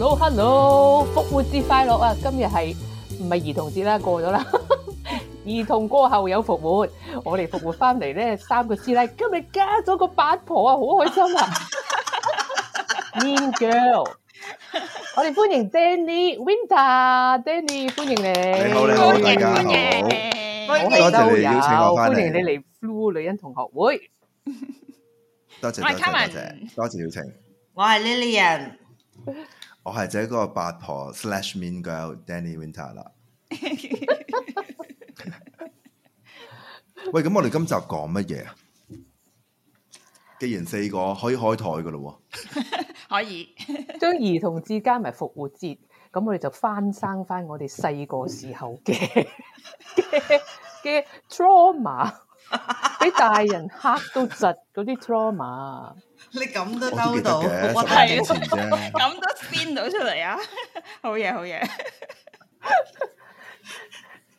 Hello，Hello，復活節快樂啊！今日係唔係兒童節啦，過咗啦。兒童過後有復活，我哋復活翻嚟咧，三個師奶今日加咗個八婆啊，好開心啊！Mean girl，我哋歡迎 Denny Winter，Denny 歡迎你，你好你好，大家好，多謝你邀請我翻嚟，歡迎你嚟 Flo 女人同學會，多謝多謝多謝，多謝邀請，我係 Lilian。我係就係嗰個八婆 Slash Mean Girl Denny Winter 啦，er。 喂，咁我哋今集講乜嘢啊？既然四個可以開台噶咯， 可以將 兒童節加埋復活節，咁我哋就翻生翻我哋細個時候嘅嘅嘅 trauma，俾大人吓到窒嗰啲 trauma。你咁都兜到，我睇咁都編到出嚟啊！好嘢，好嘢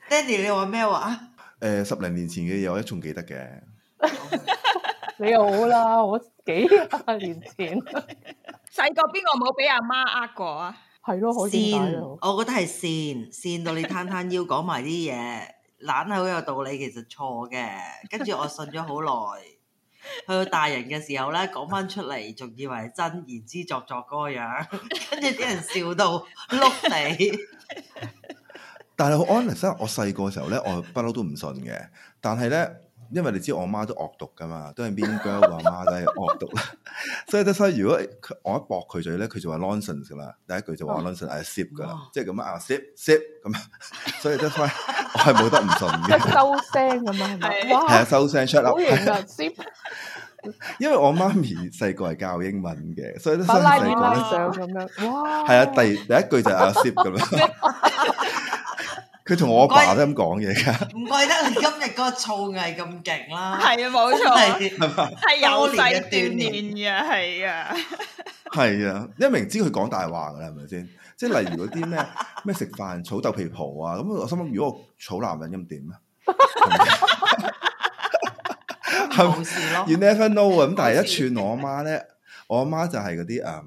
，Denny 你話咩話誒，十零年前嘅嘢我都仲記得嘅。 你又好啦，我幾廿年前細個邊個冇俾阿媽呃過啊？係咯， 好癲！我覺得係善善到你攤攤腰講埋啲嘢，懶係好有道理，其實錯嘅，跟住我信咗好耐。 去到大人嘅時候咧，講翻出嚟，仲以為真，言之鑿鑿嗰個樣，跟住啲人笑到碌地。但係我分析，我細個嘅時候咧，我不嬲都唔信嘅，但係咧。因為你知我媽都惡毒噶嘛，都係 mean girl 阿媽都係惡毒啦。 所以得，所以如果我一駁佢嘴咧，佢就話 nonsense 噶啦。第一句就話 nonsense，阿 s，哦，阿 sip 噶啦，即係咁樣，阿 sip sip 咁。所以得，所以我係冇得唔信嘅。收聲啊嘛，係咪？哇，係啊，收聲出啦，好型啊，sir。因為我媽咪細個係教英文嘅，所以得，所以細個咧咁樣，哇，係啊， 第一第一句就阿 sip 噶啦。佢同我阿爸都咁講嘢噶，唔怪得你今日個造詣咁勁啦。係啊，冇錯，係 有小 年嘅鍛鍊嘅，係啊 ，係啊，因為明知佢講大話噶啦，係咪先？即係例如嗰啲咩咩食飯草豆皮婆啊，咁我心諗如果我草男人咁點啊？冇事咯。You never know 啊！咁但係一串我阿媽咧， 我阿媽就係嗰啲誒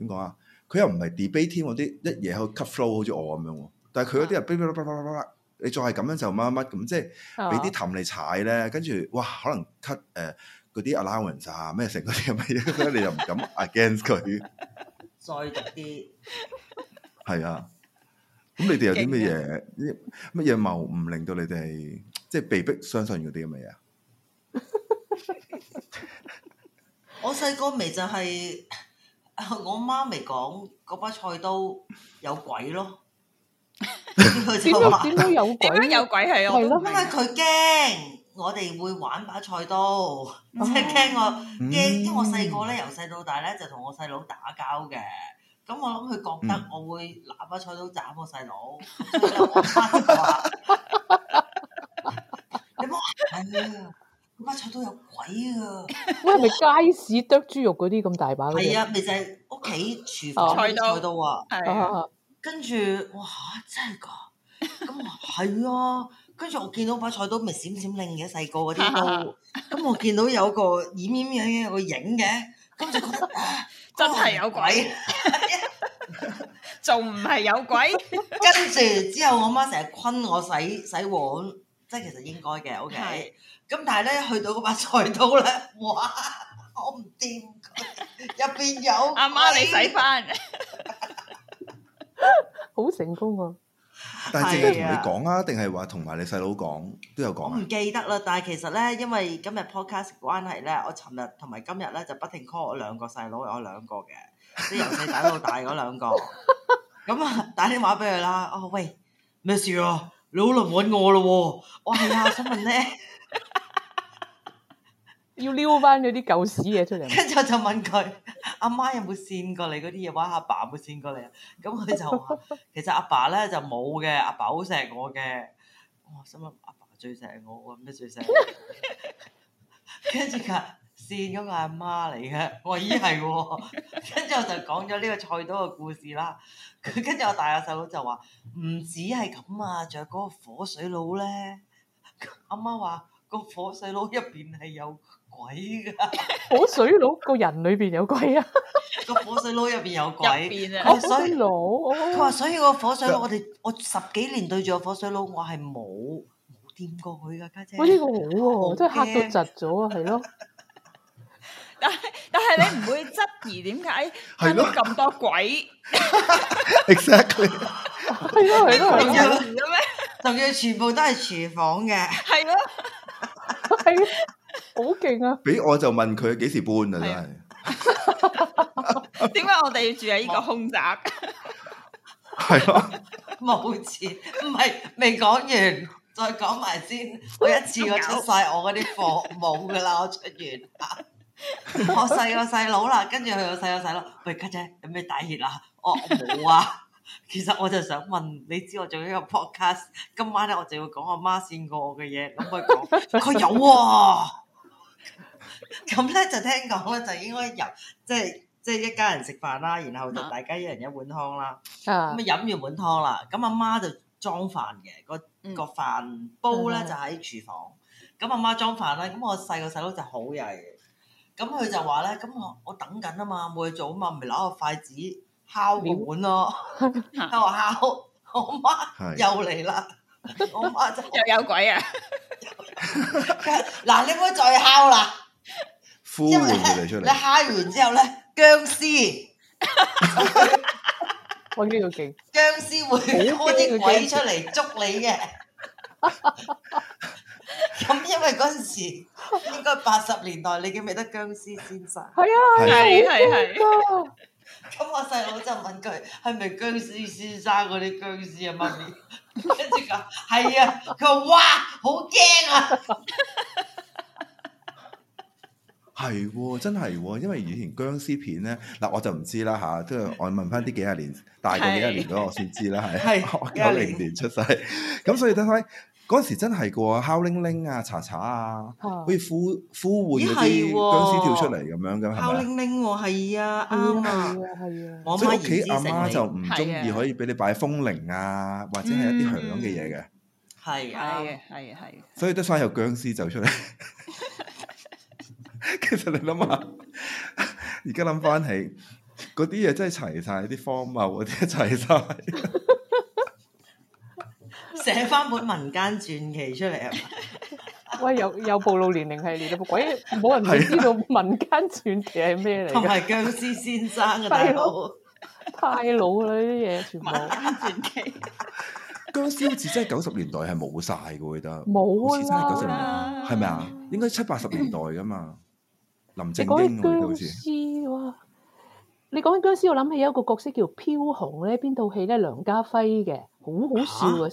點講啊？佢、嗯、又唔係 debate 嗰啲一嘢去 cut flow，好似我咁樣喎。但係佢嗰啲人，你再係咁樣就乜乜咁，即係俾啲氹你踩咧，跟住哇，可能 cut 誒嗰啲 allowance 咩成嗰啲咁嘅嘢，你又唔敢 against 佢，再毒啲。係啊，咁你哋有啲咩嘢？咩嘢謀唔令到你哋即係被逼相信嗰啲咁嘅嘢啊？我細個咪就係我媽咪講嗰把菜刀有鬼咯。點都點都有鬼？ 點樣有鬼係啊？係咯，因為佢驚我哋會玩把菜刀，即係驚我驚，因為我細個咧，由細到大咧就同我細佬打交嘅。咁我諗佢覺得我會拿把菜刀斬我細佬。 你冇玩啊！把菜刀有鬼啊！喂係咪街市剁豬肉嗰啲咁大把？係啊，咪就係屋企廚房菜刀、啊哦、菜刀。啊！ 跟住，哇！真係噶，咁啊，係啊。跟住我見到把菜刀咪閃閃靚嘅，細個嗰啲刀。咁 我見到有個掩掩樣樣有個影嘅，咁就覺得真係有鬼，仲唔係有鬼？跟住之後，我媽成日昆我洗洗碗，即係其實應該嘅，OK。咁 但係咧，去到嗰把菜刀咧，哇！我唔掂，入邊有鬼。阿 媽，媽，你洗翻。 好成功啊！但係淨係同你講啊，定係話同埋你細佬講都有講啊？唔記得啦，但係其實咧，因為今日 podcast 關係咧，我尋日同埋今日咧就不停 call 我兩個細佬，有兩個嘅，即係由細仔到大嗰兩個，咁啊 打電話俾佢啦。哦喂，咩事啊？你好耐唔搵我咯，啊，我係、哦、啊，想問咧。 要撩翻嗰啲舊屎嘢出嚟，跟住我就問佢：阿媽有冇跣過你嗰啲嘢？話阿爸，爸有冇跣過你？」啊。咁佢就話：其實阿爸咧就冇嘅，阿爸好錫我嘅、哦。 我心諗阿爸最錫我，我咩最錫？跟住佢跣咗個阿媽嚟嘅，我話咦係喎？跟住我就講咗呢個菜刀嘅故事啦。佢跟住我大個細佬就話：唔止係咁啊，仲有嗰個火水佬咧。阿媽話個火水佬入邊係有。鬼噶火水佬個人裏邊有鬼啊！個火水佬入邊有鬼入邊啊！火水佬佢話，所以個火水佬我哋我十幾年對住個火水佬我係冇冇掂過佢噶家姐。呢個好喎，真係嚇到窒咗啊！係咯，但係但係你唔會質疑點解咁多鬼？Exactly，係咯，係個人嘅咩？就叫全部都係廚房嘅，係咯，係。好勁啊！俾我就問佢幾時搬啊！真係，點解我哋要住喺呢個空宅？係 啊，冇錢， 唔係未講完，再講埋先。我一次過出我出晒我嗰啲貨，冇噶啦，我出完。 我細個細佬啦，跟住去個細個細佬，喂家姐，姐，有咩大熱啊？我冇啊。其實我就想問，你知我做呢個 podcast，今晚咧我就要講我媽呃過我嘅嘢，咁佢講，佢有。咁咧就聽講咧就應該由即係即係一家人食飯啦，然後就大家一人一碗湯啦。咁啊飲完碗湯啦，咁阿媽就裝飯嘅，個個飯煲咧就喺廚房。咁阿媽裝飯啦，咁我細個細佬就好曳。咁佢就話咧：咁我我等緊啊嘛，冇嘢做啊嘛，咪攞個筷子敲個碗咯。喺我敲，我媽又嚟啦，我媽真係有鬼啊！嗱， 你唔好再敲啦。呼你吓完之後咧， 僵屍，揾呢個勁，僵屍會開啲鬼出嚟捉你嘅。咁 因為嗰陣時應該八十年代，你記唔記得僵屍先生？係對啊，係係係。咁 我細佬就問佢：「係咪僵屍先生嗰啲僵屍啊？媽咪，跟住講係啊，佢話哇，好驚啊！ 係喎，真係喎，因為以前僵屍片咧，嗱我就唔知啦吓，即係我問翻啲幾十年大概幾十年嗰個我先知啦，係九零年出世，咁所以得翻嗰陣時真係個，敲鈴鈴啊，查查啊，好似呼呼喚嗰啲僵屍跳出嚟咁樣咁。敲鈴鈴喎，係啊，啊嘛，係啊。所以屋企阿媽就唔中意可以俾你擺風鈴啊，或者係一啲響嘅嘢嘅。係啊，係啊，係啊，所以得翻有僵屍走出嚟。其實你諗下，而家諗翻起嗰啲嘢真係齊晒，啲荒謬嗰啲齊晒，寫翻 本民間傳奇出嚟啊！喂，有有暴露年齡系列嘅鬼，冇人知道民間傳奇係咩嚟？同僵屍先生嘅大佬， 太老啦！呢啲嘢全部。民間傳奇。僵屍好似真係九十年代係冇晒嘅，我覺得。冇啊。係咪啊？應該七八十年代噶嘛。 你講起殭屍喎，你講緊殭屍，我諗起有一個角色叫飄紅咧，邊套戲咧，梁家輝嘅，好好笑啊！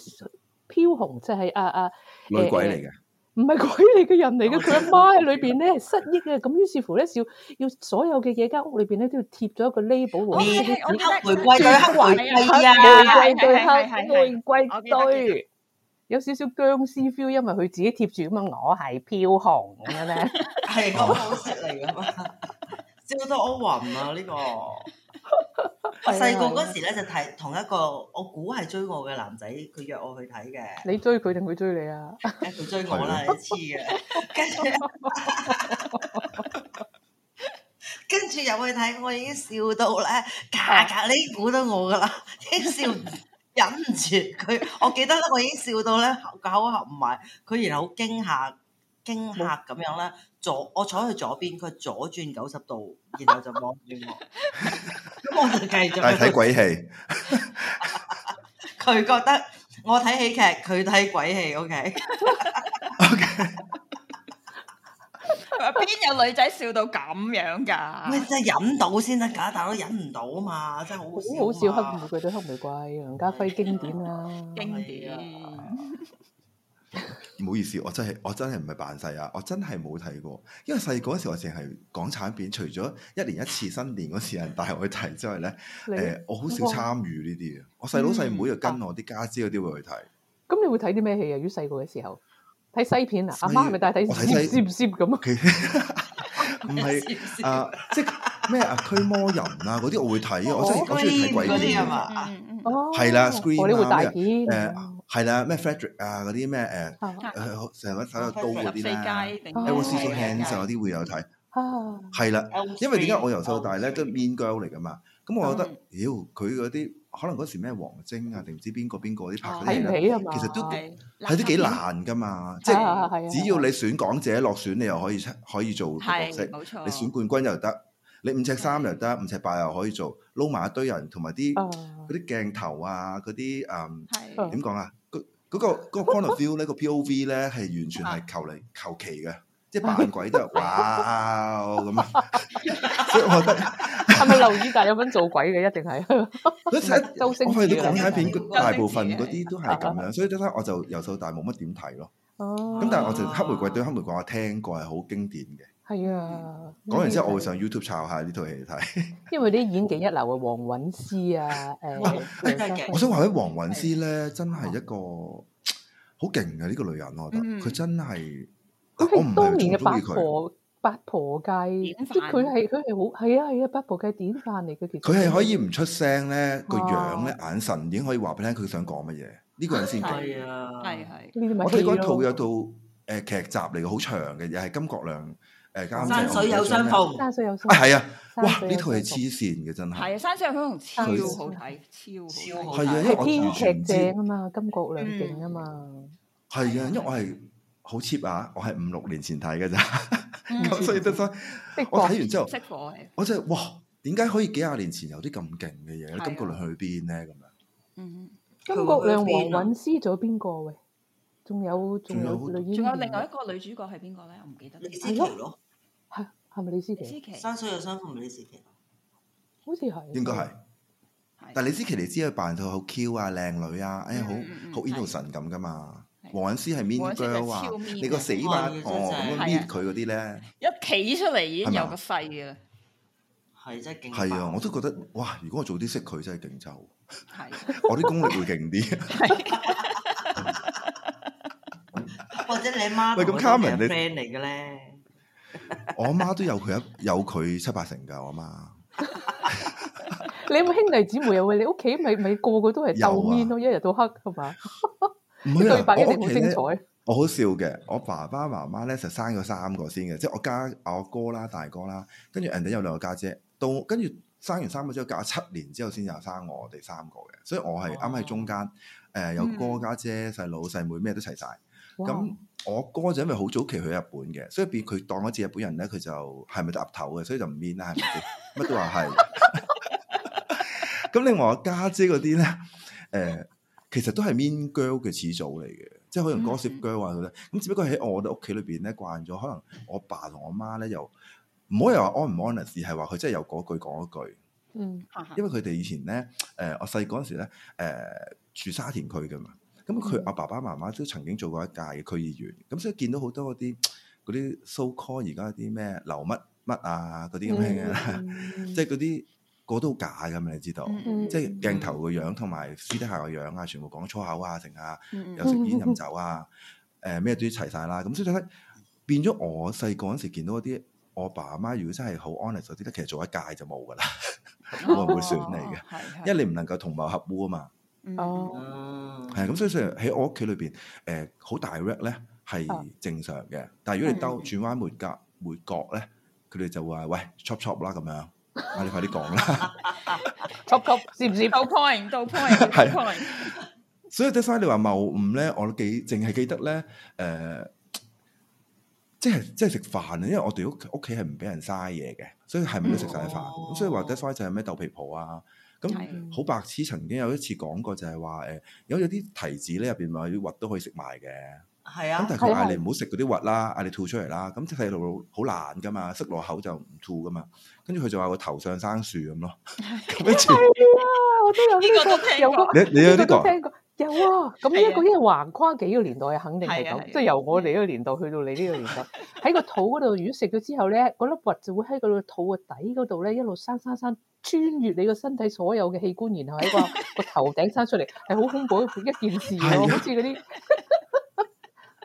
飄紅即係啊啊女鬼嚟嘅，唔係鬼嚟嘅人嚟嘅，佢阿媽喺裏邊咧失憶啊，咁於是乎咧要要所有嘅嘢間屋裏邊咧都要貼咗一個 label，黑玫瑰對，黑玫瑰對，黑玫瑰對，黑玫瑰對。有少少殭屍 feel，因為佢自己貼住咁樣，我係飄紅咁樣咧，係個好石嚟噶嘛，笑到我暈啊呢個！我細個嗰時咧 就睇同一個，我估係追我嘅男仔，佢約我去睇嘅。你追佢定佢追你啊？佢 追我啦， 你黐嘅。跟住，跟住入去睇，我已經笑到咧，格格你估到我噶啦，啲笑。 忍唔住佢，我記得咧，我已經笑到咧，個口合唔埋。佢然後好驚嚇、驚嚇咁樣咧，左，我坐喺佢左邊，佢左轉九十度，然後就望住我。咁 我就繼續，但係睇鬼戲，佢 覺得我睇喜劇，佢睇鬼戲。OK。OK。邊 有女仔笑到咁樣噶 真係忍到先得噶，但我忍唔到啊嘛！真係好笑， 好笑，黑玫瑰對黑玫瑰，梁家輝經典啊！經典。唔好意思，我真係我真係唔係扮世啊！我真係冇睇過，因為細個嗰時候我淨係港產片，除咗一年一次新年嗰時有人帶我去睇之外咧，誒你、呃，我好少參與呢啲嘅。嗯、我細佬細妹又跟我啲家姐嗰啲會去睇。咁 你會睇啲咩戲啊？如果細個嘅時候？睇西片啊！阿媽係咪帶睇尖尖尖咁啊？唔係啊，即係咩啊？驅魔人啊嗰啲我會睇，我真係我中意睇鬼片嘅。係啦，Scream 啊，誒係啦，咩 Frederick 啊嗰啲咩誒，成日睇到刀會啲咧。Evilution 有啲會有睇。係啦，因為點解我由細到大咧都 Mean Girl 嚟㗎嘛？咁我覺得，妖佢嗰啲。可能嗰時咩王晶啊，定唔知邊個邊個啲拍嗰啲，其實都係都幾難噶嘛。即係只要你選港姐落選，你又可以出可以做角色。你選冠軍又得，你五尺三又得，五尺八又可以做。撈埋一堆人，同埋啲啲鏡頭啊，嗰啲誒點講啊？嗰嗰個 corner view 呢個 POV 咧係完全係求嚟求其嘅，即係扮鬼都係哇咁啊！係咪劉宇達有份做鬼嘅一定係。嗰睇周星馳，我去到港產片，大部分嗰啲都係咁樣，所以咧我就由細到大冇乜點睇咯。哦。咁但係我就《黑玫瑰》對《黑玫瑰》，我聽過係好經典嘅。係啊。講完之後，我會上 YouTube 抄下呢套戲嚟睇。因為啲演技一流嘅黃韻詩啊，誒，我想話咧，黃韻詩咧真係一個好勁嘅呢個女人，我覺得佢真係，我唔係咁中意佢。八婆雞，即佢係佢係好係啊，係啊，八婆雞典範嚟嘅。佢係可以唔出聲咧，個樣咧眼神已經可以話俾你聽，佢想講乜嘢，呢個人先勁。啊係係。我睇嗰套有套誒劇集嚟嘅，好長嘅，又係甘國亮誒監。山水有相逢，山水有。啊係啊！哇！呢套係黐線嘅真係。係啊，山水有相逢。超好睇，超好。係啊，因為編劇正啊嘛，甘國亮勁啊嘛。係啊，因為我係好 cheap 啊，我係五六年前睇嘅咋。咁所以真係，我睇完之後，我真係哇，點解可以幾廿年前有啲咁勁嘅嘢？金國亮去邊咧？咁樣，嗯，金國亮、黃韻詩咗邊個喂？仲有仲有，仲有另外一個女主角係邊個咧？我唔記得。李思琪咯，係，係咪李思琪？山水有相逢李思琪？好似係，應該係。但李思琪你知佢扮到好 Q 啊，靚女啊，誒，好好煙霧神咁噶嘛？黃韻詩係 mean girl 啊！你個死巴哦，咁樣面佢嗰啲咧，一企出嚟已經有個勢嘅啦。係真係勁！係啊，我都覺得哇！如果我早啲識佢，真係勁抽。係，我啲功力會勁啲。係，或者你媽喂，咁，Carmen 你 friend 嚟嘅咧。我阿媽都有佢一有佢七八成噶，我阿媽。你有冇兄弟姊妹啊？你屋企咪咪個個都係鬥 mean 咯，一日到黑係嘛？唔係啊！我屋企我好笑嘅。我爸爸媽媽咧就生咗三個先嘅，即係我家我哥啦、大哥啦，跟住人哋有兩個家姐，姐。到跟住生完三個之後，隔咗七年之後先有生我哋三個嘅。所以我係啱喺中間，誒、啊呃、有哥家姐，姐、細佬、細妹，妹，咩都齊晒。咁哇、嗯、我哥就因為好早期去日本嘅，所以變佢當一次日本人咧，佢就係咪搭頭嘅，所以就唔面啦，係咪先？乜都話係。咁另外我家姐嗰啲咧，誒、呃。呃其實都係 mean girl 嘅始祖嚟嘅，即係可能 gossip girl 啊咁。對耶 只不過喺我哋屋企裏邊咧，慣咗可能我爸同我媽咧又唔好又話 honest, 而係話 on 唔 on，而係話佢真係有嗰句講一句。嗯，因為佢哋以前咧，誒我細嗰陣時咧，誒、呃、住沙田區嘅嘛。咁佢阿爸爸媽媽都曾經做過一屆嘅區議員。咁所以見到好多嗰啲嗰啲 so call 而家啲咩劉乜乜啊嗰啲咁興嘅，即係嗰啲。對耶 個都假咁，你知道，嗯、即係鏡頭嘅樣同埋私底下嘅樣啊，全部講粗口啊，剩下，有食煙飲酒啊，誒、呃、咩都齊晒啦。咁、嗯 嗯、所以睇變咗，我細個嗰陣時見到嗰啲，我爸阿媽如果真係好 honest 嗰啲咧，其實做一屆就冇噶啦，我唔、哦、會，會選你嘅，哦、因為你唔能夠同謀合污啊嘛。哦，係咁、嗯，所以喺我屋企裏邊，誒好 direct 咧係正常嘅，但係如果你兜轉彎抹角抹角咧，佢哋就會話：喂，chop chop 啦咁樣。你快啲講啦，top o p 是唔是？到 point 到 point 係，所以 d e 你話謬誤咧，我都記淨係記得咧，誒，即係即係食飯啊，因為我哋屋屋企係唔俾人嘥嘢嘅，所以係咪都食晒飯咁？哦、所以話 d e 就係咩豆皮婆啊，咁好白痴。曾經有一次講過就係話，誒、呃，有有啲提子咧入邊話啲核都可以食埋嘅。係啊，咁但係佢嗌你唔好食嗰啲核啦，嗌你吐出嚟啦。咁細路好難噶嘛，塞落口就唔吐噶嘛。跟住佢就話個頭上生樹咁咯。係啊，我都有呢個，有你你有呢個聽過有啊。咁一個因為橫跨幾個年代，肯定係咁，即係由我哋呢個年代去到你呢個年代。喺個肚嗰度，如果食咗之後咧，嗰粒核就會喺個肚個底嗰度咧，一路生生生，穿越你個身體所有嘅器官，然後喺個個頭頂生出嚟，係好恐怖一件事咯，好似嗰啲。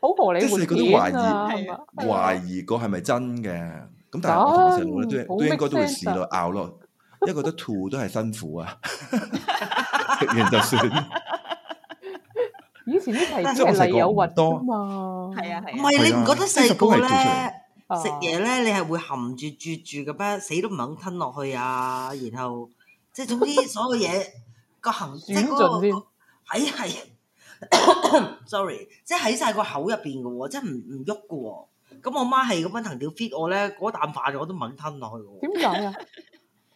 好合理，即係你覺得懷疑，懷疑個係咪真嘅？咁但係我成日咧都都應該都會試落咬咯，因為覺得吐都係辛苦啊，食完就算。以前啲題真係有核多嘛？係啊係。唔係你唔覺得細個咧食嘢咧，你係會含住啜住嘅咩，死都唔肯吞落去啊？然後即係總之所有嘢個含即係嗰個喺係。 Sorry，即係喺晒個口入邊嘅喎，即係唔唔喐嘅喎。咁我媽係咁搵藤條 fit 我咧，嗰啖飯 我都猛吞落去嘅。點解啊？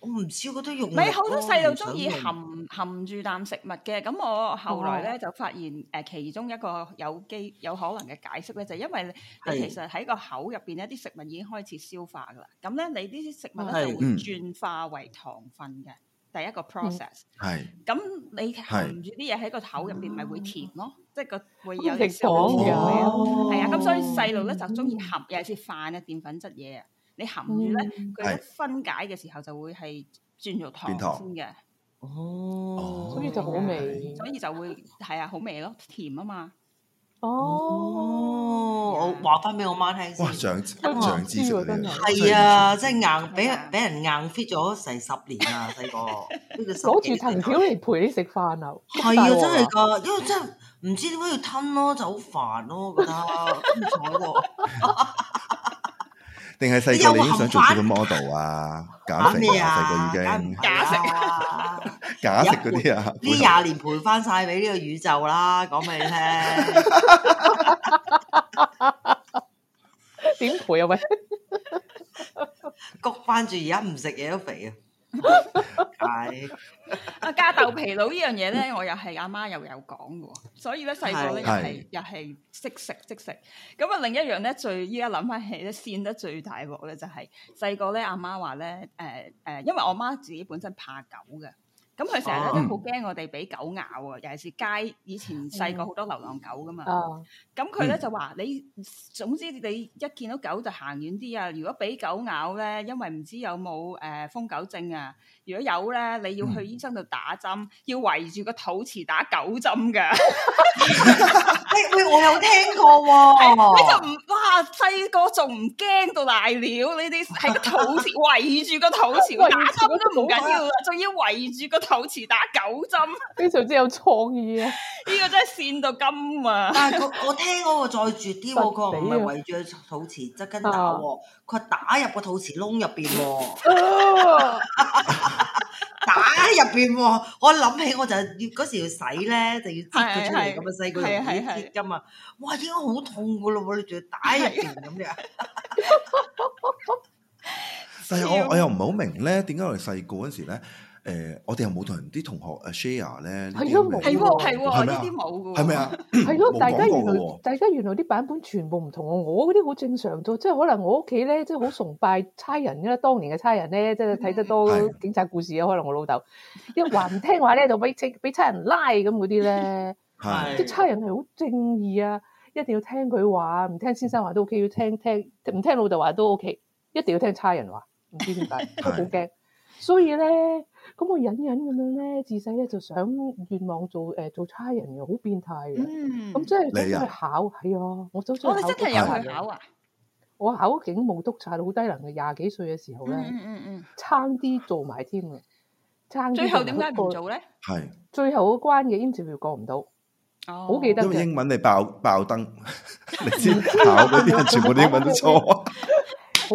我唔知嗰啲肉。咪好多細路中意含含住啖食物嘅。咁我後來咧的就發現，誒、呃，其中一個有機有可能嘅解釋咧，就係、因為你其實喺個口入邊咧，啲食物已經開始消化噶啦。咁咧，你呢啲食物咧就會轉化為糖分嘅。 第一個 process，咁、嗯、你含住啲嘢喺個口入邊咪會甜咯，嗯、即係個會有啲小甜嘅，係啊、哦，咁所以細路咧就鍾意含，尤其係飯啊澱粉質嘢啊，你含住咧佢一分解嘅時候就會係轉做糖先嘅，哦，所以就好味，所以就會係啊好味咯，甜啊嘛。哦，我話翻俾我媽聽先。哇，長，長知識啊！係啊，真係硬，俾俾人硬 fit 咗成十年啊，細個 fit 咗十幾年。攞住陳小嚟陪你食飯啊！係啊，真係㗎，因為真係唔知點解要吞咯，就好煩咯，覺得唔妥喎。定係細個已經想做佢嘅 model 啊，減肥啊，細個已經減肥啊。假食嗰啲啊，呢廿年賠翻晒俾呢個宇宙啦，講俾你聽。點 賠啊？喂， 谷翻住而家唔食嘢都肥啊！係 阿 加豆皮佬呢樣嘢咧，我又係阿媽又有講嘅，所以咧細個咧又係又係識食即食。咁啊，另一樣咧最依家諗翻起咧跣得最大鑊咧、就是，就係細個咧阿媽話咧，誒誒，因為我媽,媽,媽,媽,媽自己本身怕狗嘅。咁佢成日咧都好驚我哋俾狗咬啊！尤其是街，以前細個好多流浪狗噶嘛，咁佢咧就話：你總之你一見到狗就行遠啲啊！如果俾狗咬咧，因為唔知有冇誒瘋狗症啊！如果有咧，你要去醫生度打針，嗯、要圍住個肚臍打九針㗎。你 你 我有聽過、喎， 你就唔哇細個仲唔驚到大了？你啲係個肚臍，圍住個肚臍 打針都唔緊要，仲要圍住個肚臍打九針， 非常之有創意啊！呢個真係線到金啊！但係我我聽嗰個再絕啲，佢唔係圍住個肚臍執根打，佢打入個肚臍窿入邊。 打喺入邊喎，我諗起我就要嗰時要洗咧，就要揭佢出嚟，咁啊細個要揭揭噶嘛，哇！點解好痛噶咯？你仲要打喺入邊咁樣？哈哈 但係我我又唔係好明咧，點解我哋細個嗰時咧？誒，uh, 我哋又冇同啲同學誒 share 咧，係都冇，係喎係喎，呢啲冇嘅。係咪啊？係咯，大家原來 大家原來啲版本全部唔同喎。我嗰啲好正常到，即係可能我屋企咧，即係好崇拜差人因為，當年嘅差人咧，即係睇得多警察故事啊。可能我老豆一話唔聽話咧，就俾俾差人拉咁嗰啲咧。 即啲差人係好正義啊！一定要聽佢話，唔聽先生話都 OK，要聽聽，唔聽老豆話都 OK，一定要聽差人話。唔知點解都好驚，所以咧。 咁我忍忍咁樣咧，自細咧就想願望做誒、呃、做差人嘅，好變態嘅。咁即係你去考，係啊是，我走咗。我真係入去考啊！我考警務督察，好低能嘅，廿幾歲嘅時候咧、嗯嗯嗯，差啲做埋添啊！差最後點解唔做咧？係是最後個關嘅 interview 又過唔到，好、哦、記得因為英文爆爆燈 你爆爆燈，你先考嗰啲人全部英文都錯。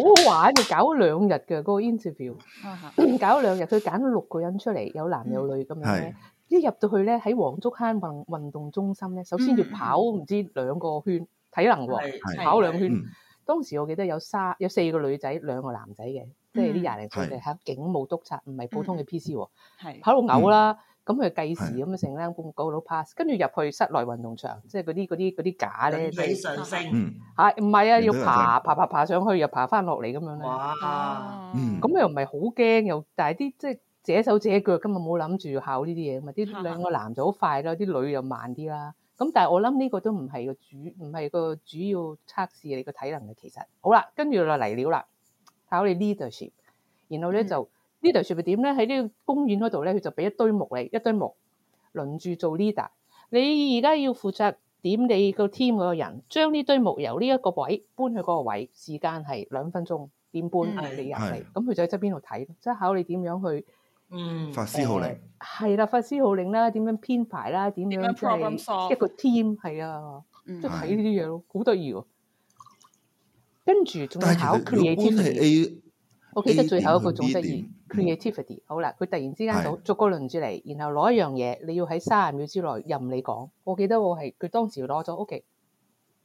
好好玩嘅，搞咗兩日嘅嗰個 interview，uh huh. 搞咗兩日，佢揀咗六個人出嚟，有男有女咁樣咧。Mm. 一入到去呢，喺黃竹坑運運動中心呢，首先要跑唔、mm. 知兩個圈，體能喎，mm. 跑兩圈。Mm. 當時我記得有三有四個女仔，兩個男仔嘅，即係啲廿零歲嘅，吓、mm. 係警務督察，唔係普通嘅 PC 喎，mm. mm. 跑到嘔啦。咁佢計時咁啊成粒咁高都 pass，跟住入去室內運動場，即係嗰啲嗰啲嗰啲架咧，上升嚇唔係啊，要爬爬爬爬，爬上去，又爬翻落嚟咁樣咧。哇！咁、嗯、又唔係好驚，又但係啲即係姐手姐腳咁啊，冇諗住考呢啲嘢咁啊。啲兩個男就好快啦，啲女又慢啲啦。咁但係我諗呢個都唔係個主，唔係個主要測試你個體能嘅。其實好啦，跟住就嚟料啦，考你 leadership，然後咧就。嗯呢度算唔算點咧？喺呢個公園嗰度咧，佢就俾一堆木嚟，一堆木輪住做 leader。你而家要負責點你個 team 嗰個人，將呢堆木由呢一個位搬去嗰個位，時間係兩分鐘，點搬、嗯啊、你入嚟？咁佢是就喺側邊度睇，即、就、係、是、考你點樣去嗯、uh, 發施號令。係啦，發施號令啦，點樣編排啦，點樣即係一個 team 係啊，即係睇呢啲嘢咯，好得意喎。跟住仲要考佢嘢點我記得最後一個總質疑 creativity，好啦，佢突然之間就逐個輪住嚟，然後攞一樣嘢，你要喺三十秒之內任你講。我記得我係佢當時攞咗屋企，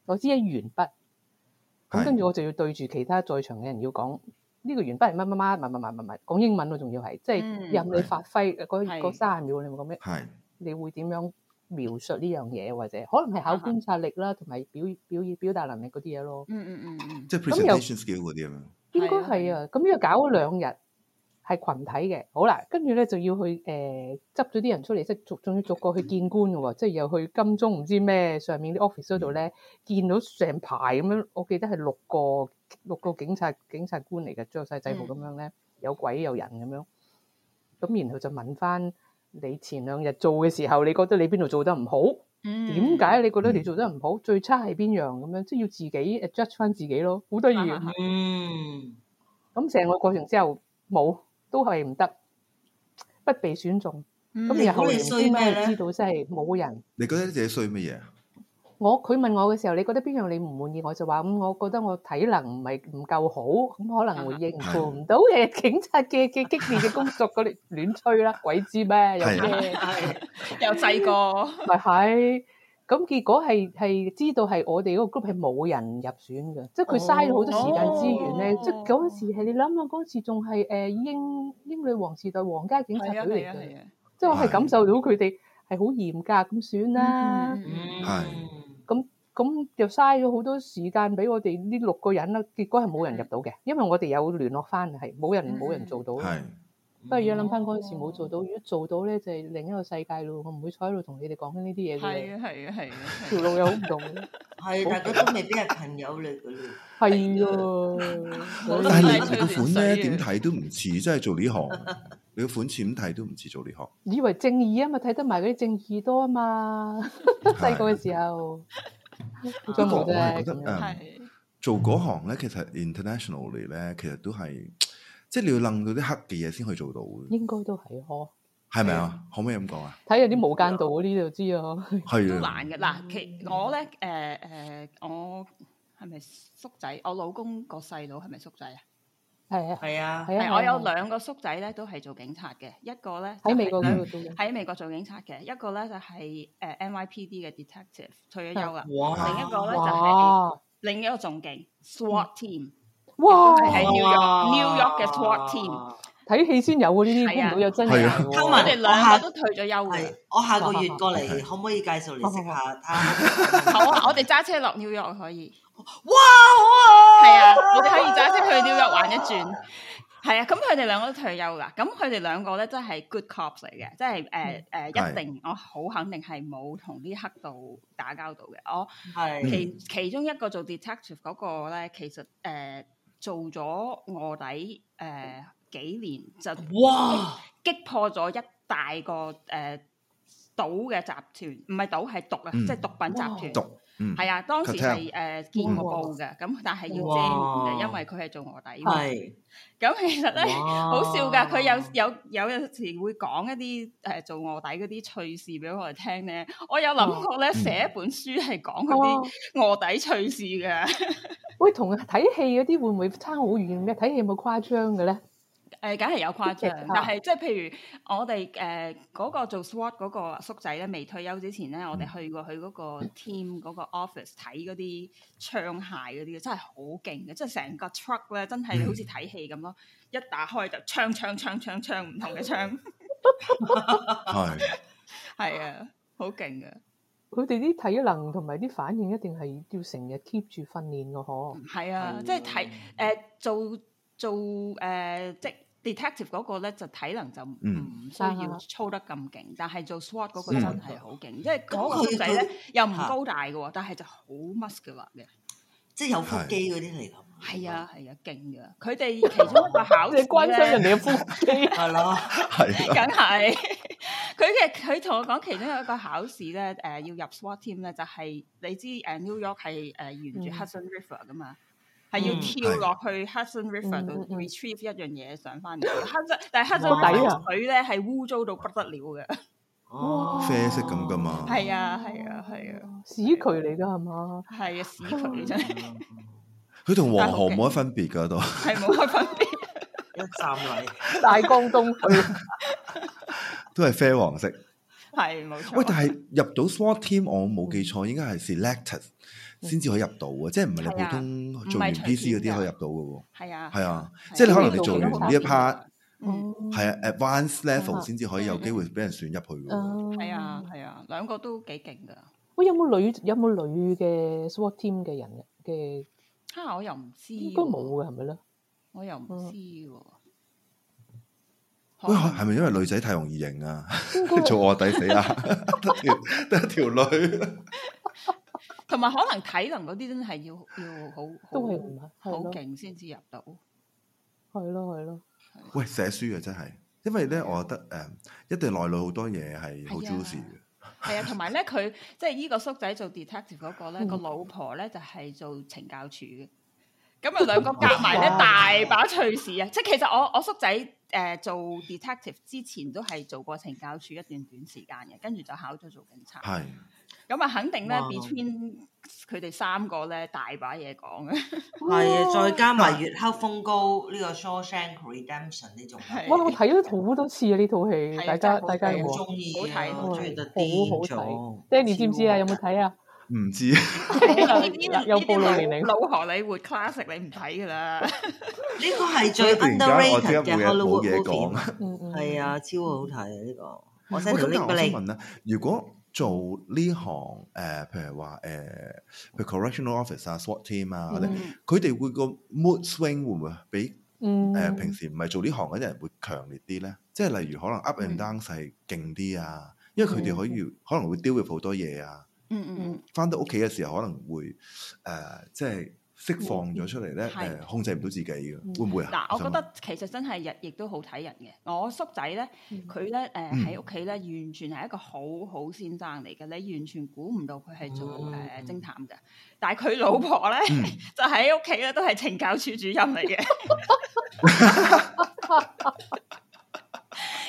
攞支一鉛筆，咁跟住我就要對住其他在場嘅人要講呢個鉛筆係乜乜乜，唔係唔係唔係，講英文咯，仲要係即係任你發揮。嗰嗰三十秒你冇講咩？係你會點樣描述呢樣嘢或者可能係考觀察力啦，同埋表表表達能力嗰啲嘢咯。嗯嗯嗯即係 presentations 嗰啲咁樣。應該係啊，咁呢個搞咗兩日係羣體嘅，好啦，跟住咧就要去誒執咗啲人出嚟，即係逐，仲要逐個去見官嘅喎，即係又去金鐘唔知咩上面啲 office 嗰度咧，見到成排咁樣，我記得係六個六個警察警察官嚟嘅，著曬制服咁樣咧，有鬼有人咁樣咁，然後就問返你前兩日做嘅時候，你覺得你邊度做得唔好？點解、嗯、你覺得你做得唔好？嗯、最差係邊樣咁樣？即、就、係、是、要自己 judge 翻自己咯，好得意。嗯。咁成個過程之後冇，都係唔得，不被選中。咁你、嗯、然後來先知，嗎知道，真係冇人。你覺得自己衰乜嘢？我佢問我嘅時候，你覺得邊樣你唔滿意？我就話咁。我覺得我體能唔係唔夠好，咁可能會應付唔到嘅警察嘅嘅激烈嘅工作嗰啲亂吹啦，鬼知咩？又咩？又細個，咪係。咁結果係係知道係我哋嗰個 group 係冇人入選嘅，即係佢嘥咗好多時間資源咧。即係嗰時係你諗下，嗰時仲係誒英英女王時代皇家警察隊嚟嘅，即係我係感受到佢哋係好嚴格咁選啦。係。咁又嘥咗好多時間俾我哋呢六個人啦，結果係冇人入到嘅，因為我哋有聯絡翻係冇人冇人做到。係，不過要諗翻嗰陣時冇做到，如果做到咧就係另一個世界咯。我唔會坐喺度同你哋講緊呢啲嘢嘅。係啊係啊係啊，條路又好唔同。係，大家都未必係朋友嚟㗎啦。係啊，但係你個款咧點睇都唔似，真係做呢行。你個款似點睇都唔似做呢行。以為正義啊嘛，睇得埋嗰啲正義多啊嘛。細個嘅時候。咁我係覺得誒，做嗰行咧，其實 internationally 咧，其實都係，即係你要掕到啲黑嘅嘢先可以做到。應該都係呵，係咪啊？可唔可以咁講啊？睇下啲無間道嗰啲就知囉！係啊難嘅嗱，其我咧誒誒，我係咪叔仔？我老公個細佬係咪叔仔啊？係啊，係啊，係。我有兩個叔仔咧，都係做警察嘅。一個咧喺美國做，喺美國做警察嘅。一個咧就係誒 NYPD 嘅 detective，退咗休啦。另一個咧就係另一個仲勁 SWAT team，哇，係 New York New York 嘅 SWAT team。睇戲先有嗰啲，睇唔到有真人。佢哋兩個都退咗休嘅。我下個月過嚟，可唔可以介紹你識下？好，我哋揸車落 New York 可以。哇！係啊，我哋可以揸車去紐約玩一轉。係啊，咁佢哋兩個都退休啦。咁佢哋兩個咧，真係 good cops 嚟嘅，即係誒誒，一定我好肯定係冇同啲黑道打交道嘅。我係其其中一個做 detective 嗰個咧，其實誒做咗臥底誒幾年，就哇擊破咗一大個誒賭嘅集團，唔係賭係毒啊，即係毒品集團毒。嗯，係啊，當時係誒、呃、見我報嘅，咁但係要借嘅，因為佢係做臥底。係是，咁其實咧哇好笑噶，佢有有有有時會講一啲誒做臥底嗰啲趣事俾我哋聽咧。我有諗過咧寫、嗯、一本書係講佢啲臥底趣事嘅。 喂會同睇戲嗰啲會唔會差好遠嘅？睇戲有冇誇張嘅咧？誒，梗係、嗯、有誇張，但係即係譬如我哋誒嗰個做 SWOT 嗰個叔仔咧，未退休之前咧，我哋去過佢嗰個 team 嗰個 office 睇嗰啲槍械嗰啲真係好勁嘅，即係成個 truck 咧，真係好似睇戲咁咯，一打開就槍槍槍槍槍，唔同嘅槍。係，係啊，好勁嘅，佢哋啲體能同埋啲反應一定係要成日 keep 住訓練嘅，嗬、嗯，係啊，即係睇，誒、呃、做做誒、呃、即。detective 嗰個咧就體能就唔需要操得咁勁，但係做 SWAT 嗰個真係好勁，嗯、因為嗰個仔咧、啊、又唔高大嘅喎，但係就好 muscular 嘅，即係有腹肌嗰啲嚟㗎。係啊係啊，勁㗎、啊！佢哋其中一個考試 關心人哋嘅腹肌係啦，係梗係。佢嘅佢同我講，其中有一個考試咧，誒、呃、要入 SWAT team 咧，就係、是、你知誒、呃、New York 係誒、呃、沿住 Hudson River 㗎嘛。係要跳落去 Hudson River 度 retrieve 的一樣嘢上翻嚟。 但 h 但係 Hudson 嘅水咧係污糟到不得了嘅，哇哦、 啡色咁噶嘛？係啊係啊係啊，屎渠嚟噶係嘛？係啊，屎渠嚟真係。佢同黃河冇乜分別噶，都係冇乜分別，一站位三 大江東去 都係啡黃色。係冇 錯。喂，但係入到 SWAT team 我冇記錯應該係 s e l e c t 先至可以入到嘅，即係唔係你普通做完 PC 嗰啲可以入到嘅喎。係啊，係啊，即係你可能你做完呢一 part，係啊，advance level 先至可以有機會俾人選入去嘅。係啊，係啊，兩個都幾勁噶。喂，有冇女有冇女嘅 SWAT team 嘅人嘅？哈，我又唔知，應該冇嘅係咪咧？我又唔知喎。喂，係咪因為女仔太容易型啊？做臥底死啊！得條得一條女。同埋可能體能嗰啲真係要要好，都係好勁先至入到。係咯，係咯。喂，寫書啊，真係，因為咧，我覺得誒、嗯，一定內裏好多嘢係好重要嘅。係啊，同埋咧，佢即係依個叔仔做 detective 嗰、那個咧，嗯、個老婆咧就係、是、做懲教署嘅。咁啊，兩個夾埋咧大把趣事啊！即係 其實我我叔仔誒、呃、做 detective 之前都係做過懲教署一段短時間嘅，跟住就考咗做警察。係。咁啊，肯定咧！Between 佢哋三個咧，大把嘢講。係啊，再加埋月黑風高呢個《Shawshank Redemption》呢種，哇！我睇咗好多次啊，呢套戲。大家大家過，好中意好啊，好好睇。Denny 知唔知啊？有冇睇啊？唔知。又高老年齡老荷里活 classic 你唔睇噶啦。呢個係最 underground 嘅。冇嘢冇嘢講。係啊，超好睇啊！呢個。我先問啊，如果，做呢行誒，譬、呃、如話誒，譬、呃、如 correctional office 啊、SWAT team 啊，佢哋、mm hmm. 會個 mood swing 會唔會比誒、mm hmm. 呃、平時唔係做呢行嗰啲人會強烈啲咧？即係例如可能 up and down 係勁啲啊，因為佢哋可以、mm hmm. 可能會 deal 佢好多嘢啊。嗯嗯、mm，返、hmm. 到屋企嘅時候可能會誒、呃，即係。釋放咗出嚟咧，誒的控制唔到自己嘅，嗯、會唔會啊？嗱，我覺得其實真係日亦都好睇人嘅。我叔仔咧，佢咧誒喺屋企咧，完全係一個好好先生嚟嘅。你完全估唔到佢係做誒偵探嘅，但係佢老婆咧、嗯、就喺屋企咧都係懲教處主任嚟嘅。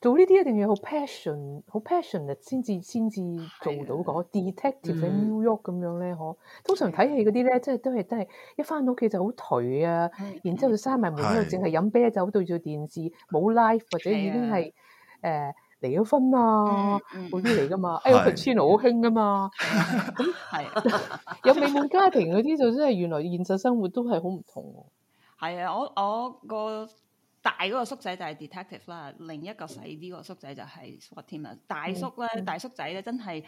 做呢啲一定要好 passion，好 passion 啊，先至先至做到嗰的 detective 喺 New York 咁樣咧，嗬。Mm. 通常睇戲嗰啲咧，即係都係真係一翻到屋企就好頹啊，然之後就閂埋門度，淨係飲啤酒對住電視，冇 life 或者已經係誒、呃、離咗婚啊嗰啲嚟噶嘛。哎 traditional 好興噶嘛，咁係有美滿家庭嗰啲就真係原來現實生活都係好唔同。係啊， 我我個。Well 大嗰個叔仔就係 detective 啦，另一個細啲個叔仔就係 swat team 啦。大叔咧，嗯、大叔仔咧真係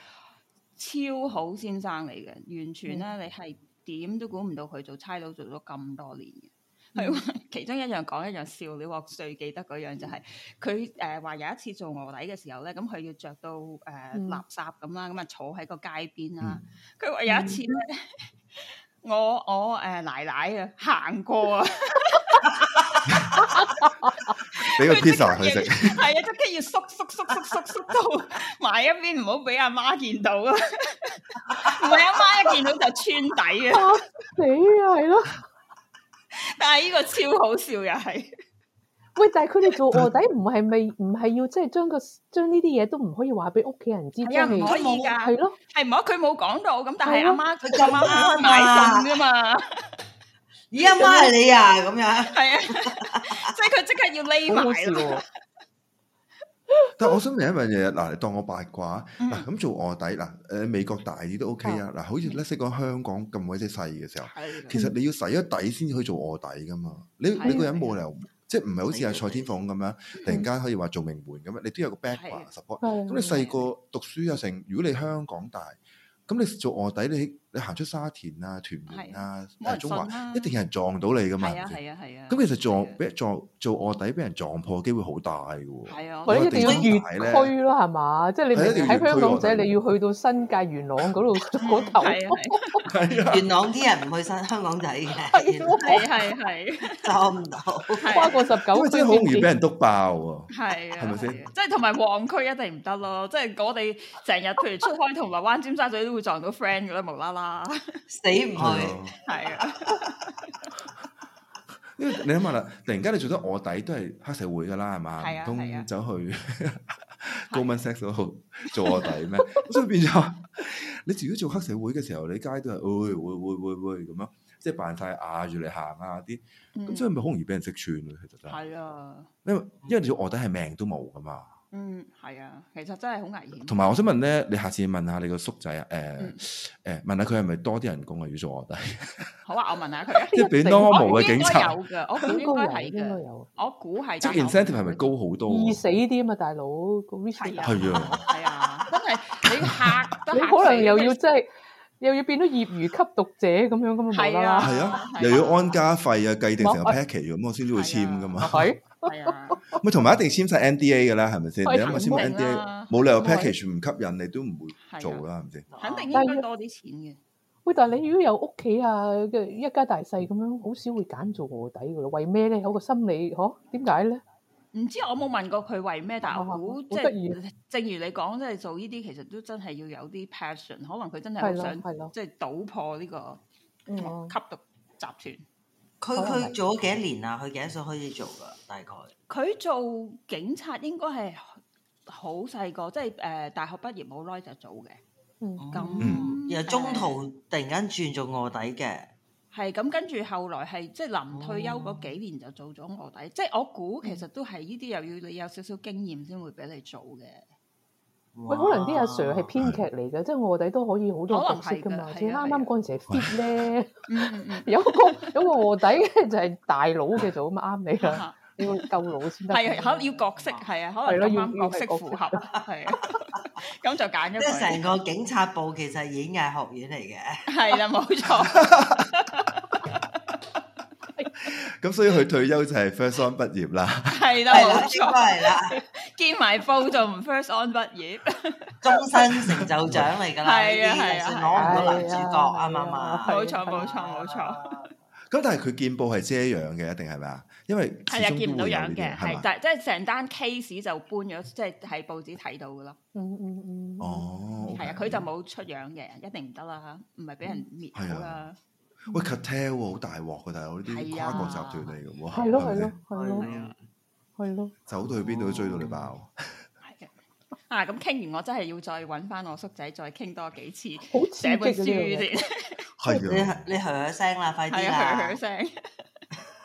超好先生嚟嘅，完全咧、嗯、你係點都估唔到佢做差佬做咗咁多年嘅。係、嗯，其中一樣講一樣笑，你話最記得嗰樣就係佢誒話有一次做臥底嘅時候咧，咁、嗯、佢、嗯、要着到誒、呃、垃圾咁啦，咁、嗯、啊、嗯、坐喺個街邊啦。佢話有一次咧、嗯， 我我誒奶奶啊行過啊。呃呃呃 俾個 pizza 佢食，係啊，即刻要縮縮縮縮縮縮到埋一邊，唔好俾阿媽見到。啊。唔係阿媽一見到就穿底啊，死啊！係咯。但係呢個超好笑又係。喂，但係佢哋做卧底唔係咪唔係要即係將個將呢啲嘢都唔可以話俾屋企人知？係啊，唔可以噶。係咯，係唔好佢冇講到，咁但係阿媽佢咁阿媽買餸啫嘛。而家阿媽係你啊，咁樣，係啊，即係佢即刻要匿埋啦。但係我想問一樣嘢，嗱，你當我八卦，嗱，咁做卧底，嗱，誒美國大啲都 OK 啊，嗱，好似咧識講香港咁鬼死細嘅時候，其實你要洗咗底先至可以做卧底噶嘛。你你個人冇理由，即係唔係好似阿蔡天鳳咁樣，突然間可以話做名門咁樣，你都有個 background support。咁你細個讀書又成，如果你香港大，咁你做卧底你。你行出沙田啊、屯門啊、中環，一定有人撞到你噶嘛？係啊係啊係啊！咁其實撞俾撞做卧底，俾人撞破機會好大嘅喎。係啊，一定要越區咯，係嘛？即係你喺香港仔，你要去到新界元朗嗰度嗰頭。元朗啲人唔去晒香港仔嘅。係係係，撞唔到，跨過十九。因為係好容易俾人篤爆喎。係啊。係咪先？即係同埋旺區一定唔得咯。即係我哋成日，譬如出開銅鑼灣、尖沙咀，都會撞到 friend 嘅啦，無啦啦。 死唔不去，係啊！因為你諗下啦，突然間你做咗卧底都係黑社會噶啦，係嘛？唔通 走去高敏 sex 高問 都做卧底咩？ 所以變咗，你自己做黑社會嘅時候，你街都係會會會會會咁樣，即係扮晒壓住你行啊啲，咁所以咪好容易俾人識穿咯。其實係啊，因為你因為你做卧底係命都冇噶嘛。嗯，係啊，其實真係好危險。同埋，我想問咧，你下次問下你個叔仔啊，誒誒，問下佢係咪多啲人工啊？要做我哋。好啊，我問下佢。即係比 normal 嘅警察，我本該有嘅，我本係應該有。我估係。即係 incentive 係咪高好多？易死啲啊嘛，大佬個 risk 係啊，係啊，真係你吓，你可能又要即係，又要變咗業餘吸毒者咁樣咁啊嘛，係啊，係啊，又要安家費啊，計定成個 package 咁，我先至會簽噶嘛。係啊，咪同埋一定簽晒 NDA 噶啦，係咪先？你咁樣簽 NDA，冇理由個 package 唔吸引你，都唔會做啦，係咪先？肯定應該多啲錢嘅。喂，但係你如果有屋企啊，嘅一家大細咁樣，好少會揀做臥底噶咯。為咩咧？有個心理，嗬？點解咧？唔知，我冇問過佢為咩，但係我好即係，正如你講，即係做呢啲，其實都真係要有啲 passion。可能佢真係想即係搗破呢個吸毒集團。佢佢做咗幾多年啊？佢幾多歲開始做㗎？大概佢做警察應該係好細個，即係誒、呃、大學畢業冇耐就做嘅。嗯，咁又、嗯、樣中途突然間轉做臥底嘅，係咁跟住後來係即係臨退休嗰幾年就做咗臥底。哦、即係我估其實都係呢啲又要你有少少經驗先會俾你做嘅。喂，可能啲阿 Sir 係編劇嚟嘅，即係臥底都可以好多角色噶嘛。似啱啱嗰陣時 fit 咧，有個有臥底嘅就係大佬嘅做咁啱你啦，要夠老先得。係啊，可能要角色，係啊，可能要角色符合，係啊，咁就揀咗。成個警察部其實演藝學院嚟嘅，係啦，冇錯。咁所以佢退休就係 first on 畢業啦，係啦，冇錯啦。見埋報就唔 first on 畢業，終身成就獎嚟噶啦，呢啲就算攞唔到男主角啊嘛嘛，冇錯冇錯冇錯。咁但係佢見報係遮樣嘅，一定係咪啊？因為始終都唔見到樣嘅，係嘛？但係即係成單 case 就搬咗，即係喺報紙睇到噶咯。嗯嗯嗯。哦。係啊，佢就冇出樣嘅，一定唔得啦，唔係俾人滅口啦。喂，Catal 好大鑊嘅大佬，呢啲跨國集團嚟嘅，係咯係咯係咯。係咯，走到去邊度都追到你爆。係嘅，啊，咁傾完我真係要再搵翻我叔仔再傾多幾次寫本書先。係你你響聲啦，快啲啦，響響聲。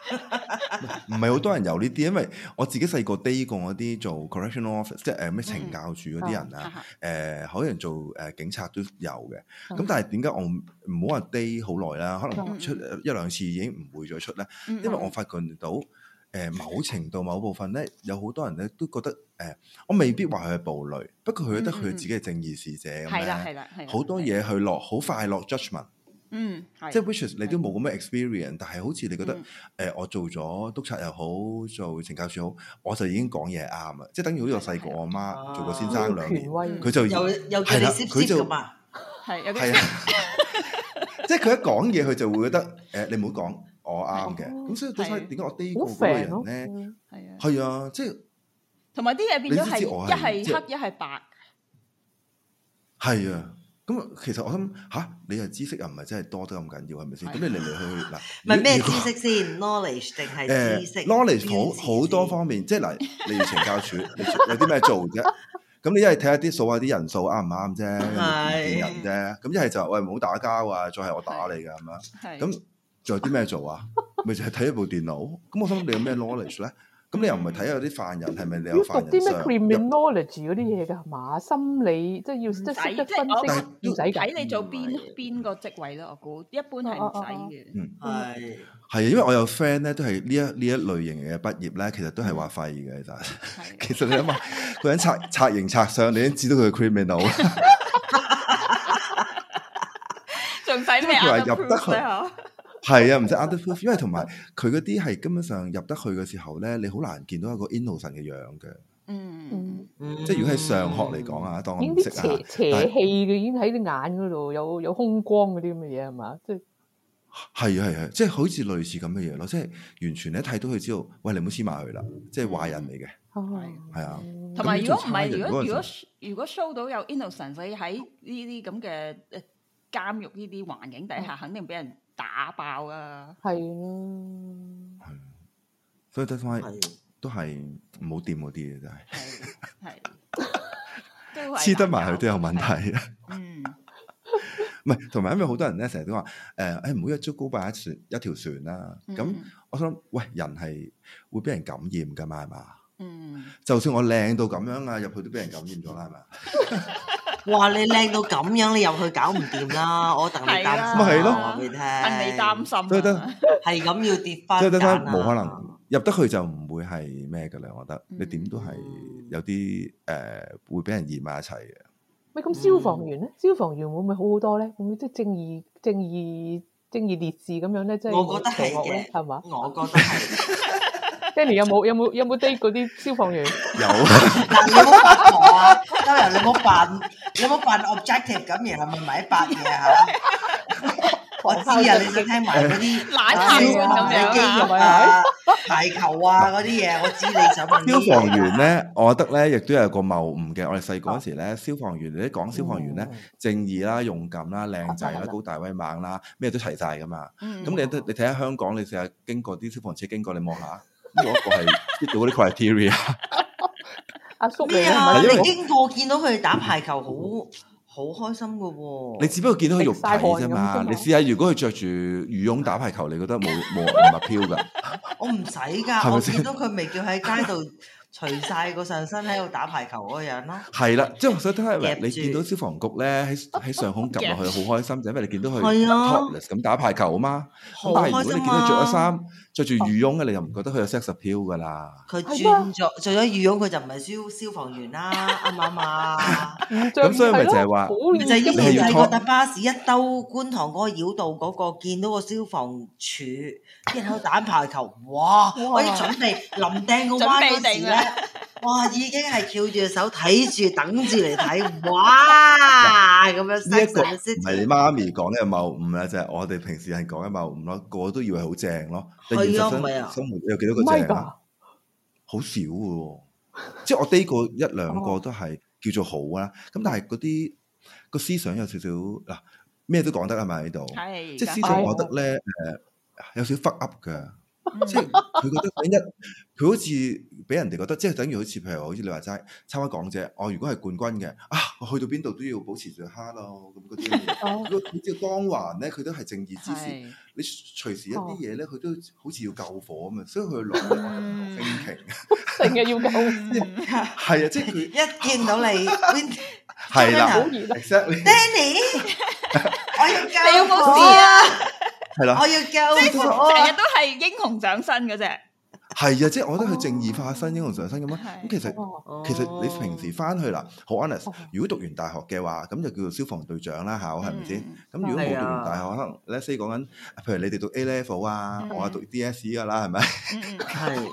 唔係好多人有呢啲，因為我自己細個 date 過嗰啲做 correctional office，即係誒咩懲教署嗰啲人啊，誒，可能人做誒警察都有嘅。咁但係點解我唔好話 date 好耐啦？可能出一兩次已經唔會再出啦。因為我發覺到。誒，某程度某部分咧，有好多人咧都覺得，誒，我未必話佢係暴戾，不過佢覺得佢自己係正義使者咁樣，係啦係啦係。好多嘢去落，好快落 judgment 嗯，即係 whiches 你都冇咁嘅 experience，但係好似你覺得，誒，我做咗督察又好，做懲教處好，我就已經講嘢啱啦。即係等於好似我細個我媽做過先生兩年，佢就又係啦，佢就係，係啊，即係佢一講嘢，佢就會覺得，誒，你唔好講。我啱嘅，咁所以睇翻點解我低估嗰個人咧，係啊，啊，即係同埋啲嘢變咗係一係黑一係白，係啊，咁其實我諗吓，你啊知識又唔係真係多得咁緊要，係咪先？咁你嚟嚟去去嗱，唔係咩知識先，knowledge 定係知識？knowledge 好好多方面，即係嗱，你係懲教處，有啲咩做啫？咁你一係睇下啲數呀啲人數啱唔啱啫，係人啫，咁一係就喂唔好打交啊，再係我打你噶，係咪啊？咁做啲咩做啊？咪就係睇一部電腦。咁我想你有咩 knowledge 咧？咁你又唔係睇下啲犯人係咪？你有犯人上入啲咩 criminal knowledge 嗰啲嘢㗎？嘛心理即係要即係識得分析。要使。睇你做邊邊個職位咯？我估一般係唔使嘅。係，係啊因為我有 friend 咧，都係呢一呢一類型嘅畢業咧，其實都係話廢嘅其實。其實你諗下，佢喺拆拆型拆上，你已經知道佢嘅 criminal 仲使咩？即佢話入得係啊，唔使 underproof 因為同埋佢嗰啲係根本上入得去嘅時候咧，你好難見到一個 innocent 嘅樣嘅。嗯即係如果係上學嚟講啊，當已經啲邪邪氣嘅已經喺啲眼嗰度有有凶光嗰啲咁嘅嘢係嘛？即係係啊係啊，即係好似類似咁嘅嘢咯，即係完全咧睇到佢之後，喂你唔好黐埋去啦，即係壞人嚟嘅。係啊，同埋如果唔係，如果如果如果 show 到有 innocent，所以喺呢啲咁嘅監獄呢啲環境底下，肯定俾人。打爆啊！係咯，係，所以得返都係唔好掂嗰啲嘢，真係黐得埋去都有問題。嗯，唔係，同埋因為好多人咧成日都話，誒，誒，唔好一竹篙打一船一條船啦。咁，我想喂，人係會俾人感染噶嘛，係嘛？嗯，就算我靚到咁樣啊，入去都俾人感染咗啦，係咪啊？哇，你靚到咁樣，你入去搞唔掂啦！我等你擔心，咁咪係咯？係你擔心，係咁要跌翻，即係得得，冇可能入得去就唔會係咩噶啦。我覺得你點都係有啲誒，會俾人熱埋一齊嘅。咪咁消防員咧？消防員會唔會好好多咧？會唔會即係正義、正義、正義烈士咁樣咧？即係同學咧，係嘛？我覺得係。爹哋有冇有冇有冇啲嗰啲消防員？有，嗱，你冇發火啊！咁又你冇扮，有冇扮 objective 咁樣啊？咪咪發嘢啊！我知啊，你成日聽埋嗰啲消防員肌肉啊、排球啊嗰啲嘢，我知你就問消防員咧，我覺得咧亦都有個謬誤嘅。我哋細個嗰時咧，消防員你講消防員咧，正義啦、勇敢啦、靚仔啦、高大威猛啦，咩都齊晒㗎嘛。咁你你睇下香港，你成日經過啲消防車經過，你望下。嗰個係 fit 到嗰啲 criteria。阿叔，咩啊？我經過見到佢打排球，好好開心噶。你只不過見到佢肉體啫嘛。你試下如果佢着住羽絨打排球，你覺得冇冇唔係飄噶？我唔使噶，我見到佢未叫喺街度除晒個上身喺度打排球嗰個樣咯。係啦，即係我想睇你見到消防局咧喺喺上空撳落去，好開心，就因為你見到佢 topless 咁打排球嘛？好開心啊！着住羽絨嘅你又唔覺得佢有 sex appeal 噶啦？佢轉咗着咗羽絨，佢嗎就唔係消消防員啦，啱唔啱啊？咁、 嗯 嗯、所以咪就係話，就係、 嗯嗯、以前細個搭巴士一兜觀塘嗰個繞道嗰、那個，見到個消防柱，然後打排球，哇！可以準備臨掟 個彎嗰時咧。 哇！已經係翹住手睇住等住嚟睇，哇！咁哇樣呢一個唔係你媽咪講嘅，係謬誤啦，即係我哋平時係講嘅謬誤咯，個個都以為好正咯。係啊的，唔係生，生活有幾多個正啊？的好少嘅，即係我低個一兩個都係叫做好啊。咁但係嗰啲個思想有少少嗱，咩都講得係咪喺度？即係思想，我覺得咧誒有少少 fuck up 嘅，即係佢覺得一佢好似。俾人哋覺得即係等於好似譬如好似你話齋參加港姐，我如果係冠軍嘅啊，我去到邊度都要保持住哈咯咁嗰啲，佢即係江環咧，佢都係正義之士，你隨時一啲嘢咧，佢都好似要救火咁啊，所以佢攞唔停，成日要救，係啊，即係佢一見到你，係啦，Exactly，Danny，我要救火啊，係啦，我要救火，成日都係英雄掌身嗰隻。係啊，即係我覺得佢正義化身英雄上身咁咯。咁其實其實你平時翻去啦，好 honest。如果讀完大學嘅話，咁就叫做消防隊長啦，考係咪先？咁如果冇讀完大學，可能 let say，講緊，譬如你哋讀 A level 啊，我係讀 DSE 噶啦，係咪？嗯，係。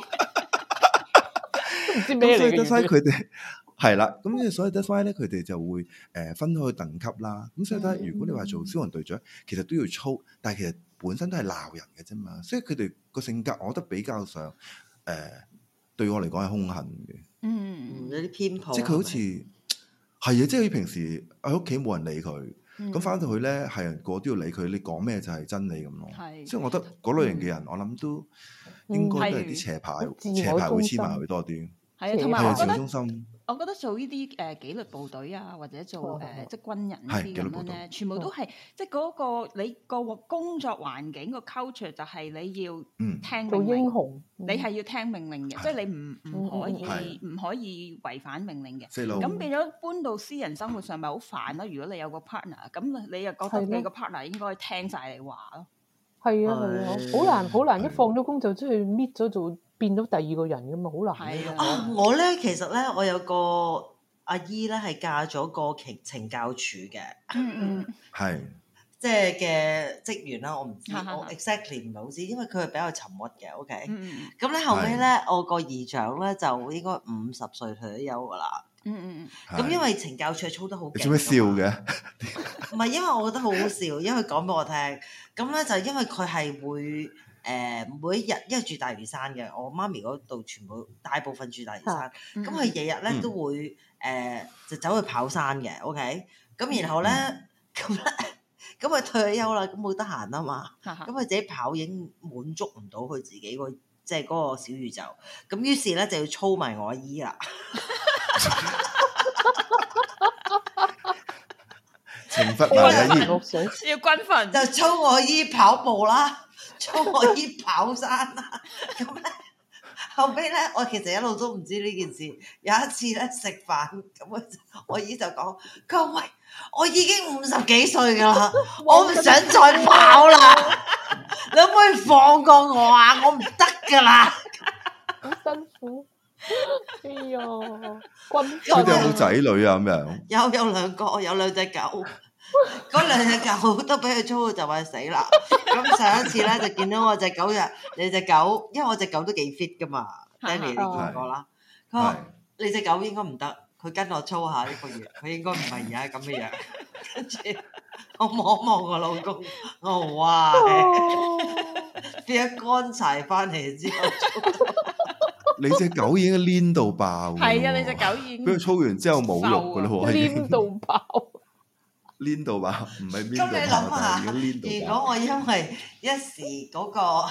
咁所以得晒佢哋。係啦，咁所以 d e s 咧，佢哋就會誒分開等級啦。咁所以得如果你話做消防隊長，其實都要操，但係其實本身都係鬧人嘅啫嘛。所以佢哋個性格，我覺得比較上誒對我嚟講係兇狠嘅。嗯，有啲偏頗。即係佢好似係啊，即係佢平時喺屋企冇人理佢，咁翻到去咧係人個都要理佢，你講咩就係真理咁咯。係，即係我覺得嗰類型嘅人，我諗都應該都係啲斜牌，斜牌會黐埋佢多啲。係啊，同埋我覺得。我覺得做呢啲誒紀律部隊啊，或者做誒、呃、即係軍人樣呢啲咁樣咧，部全部都係即係嗰、嗰個你個工作環境、個 culture 就係你要聽命令，你係要聽命令嘅，即係、嗯、你唔唔可以唔、嗯、可以違反命令嘅。咁的變咗搬到私人生活上咪好煩咯。如果你有個 partner，咁你又覺得你個 partner 應該聽晒你話咯。係啊係啊，好難好難，一放咗工就出去搣咗做。的的變到第二個人咁咪，好難啊！我咧其實咧，我有個阿姨咧係嫁咗個懲懲教處嘅，係即係嘅職員啦。我唔知，嘿嘿嘿我 exactly 唔係好知，因為佢係比較沉默嘅。OK，咁咧、嗯嗯嗯、後尾咧，我個姨丈咧就應該五十歲退咗休噶啦。嗯嗯咁因為懲教處係操得好。你做咩笑嘅？唔係，因為我覺得好好笑，因為佢講俾我聽。咁咧就因為佢係會。誒、呃、每一日，因為住大嶼山嘅，我媽咪嗰度全部 ind，大部分住大嶼山，咁佢、啊嗯、日日咧、嗯、都會誒就、呃、走去跑山嘅，OK，咁、嗯啊嗯、然後咧咁咧，咁佢退休啦，咁冇得閒啊嘛，咁佢自己跑已經滿足唔到佢自己個即係嗰個小宇宙，咁於是咧就要操埋我姨啦，情分啊，要軍訓分 就操我姨跑步啦。 中我姨跑山啦，咁咧 後尾咧，我其實一路都唔知呢件事。有一次咧食飯，咁我姨就講：佢話喂，我已經五十幾歲噶啦， 我唔想再跑啦， 你可唔可以放過我啊？我唔得噶啦，好辛苦。哎喲，佢哋有冇仔女啊？咁樣 有有兩個，有兩隻狗。嗰兩隻狗都俾佢操，就話死啦。咁上一次咧就見到我隻狗日你隻狗，因為我隻狗都幾 fit 噶嘛，Denny 你見過啦。佢話你隻狗應該唔得，佢跟我操下呢個月，佢應該唔係而家咁嘅樣。跟住我望望我老公，我話點解乾柴翻嚟之後，你隻狗已經黏到爆，係啊，你隻狗已經俾佢操完之後冇肉噶啦，黏到爆。黏到唔係，咁你諗下，如果我因為一時嗰、嗰個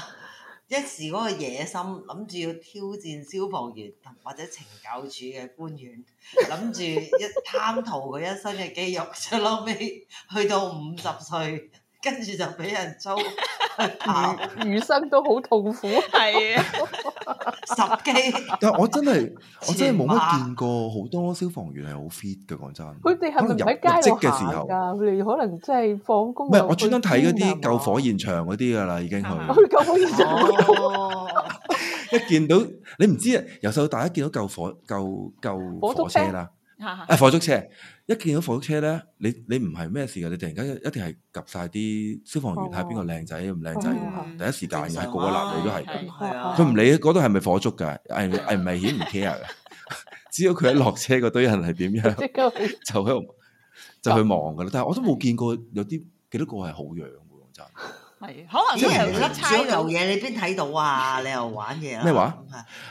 一時嗰個野心，諗住要挑戰消防員或者懲教處嘅官員，諗住一貪圖佢一身嘅肌肉，最嬲尾去到五十歲，跟住就俾人租。餘,餘生都好痛苦，係啊十幾。 但係我真係，面我真係冇乜見過好多消防員係好 fit 嘅。講真，佢哋係咪喺街度行噶？佢哋可能即係放工。唔係，我專登睇嗰啲救火現場嗰啲噶啦，已經去。我去的 救火現場， 一見到你唔知啊，由細到大，一見到救火救救火車啦。啊、嗯！火燭車，一見到火燭車咧，你你唔係咩事嘅，你突然間一定係及晒啲消防員，睇下邊個靚仔咁靚仔。仔啊、第一時間係、啊、個個男女都係咁，佢唔理嗰度係咪火燭㗎，係係危險唔 care 嘅。 只要佢一落車，個堆人係點樣 就，就喺度就去望㗎啦。但係我都冇見過有啲幾多個係好樣嘅，真。係，可能有係嗰抽油嘢，你邊睇到啊？你又玩嘢啊？咩、嗯、話？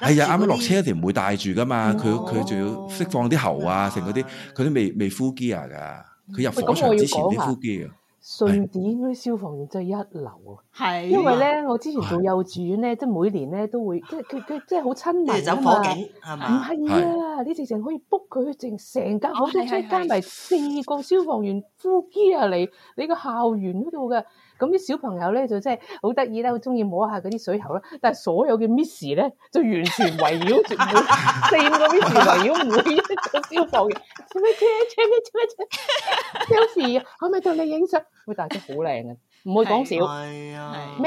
係啊，啱啱落車一條唔會帶住噶嘛。佢佢仲要釋放啲喉啊，剩嗰啲佢都未未呼吸啊。噶佢入火場之前啲呼吸啊。順點嗰啲消防員真係一流啊！係的因為咧，我之前做幼稚園咧，即係每年咧都會即係佢佢即係好親民啊。走火警係嘛？唔係啊，呢直情可以 book 佢去，整成間校車，即係加埋四個消防員呼吸啊你，你個校園嗰度嘅。咁啲小朋友咧就真係好得意啦，好中意摸下嗰啲水喉啦。但係所有嘅 Miss 咧就完全圍繞住，四個 Miss 圍繞每一個消防員，做咩車？做咩做咩車 Sophie 可唔可以同你影相？喂，大姐好靚啊，唔好講少，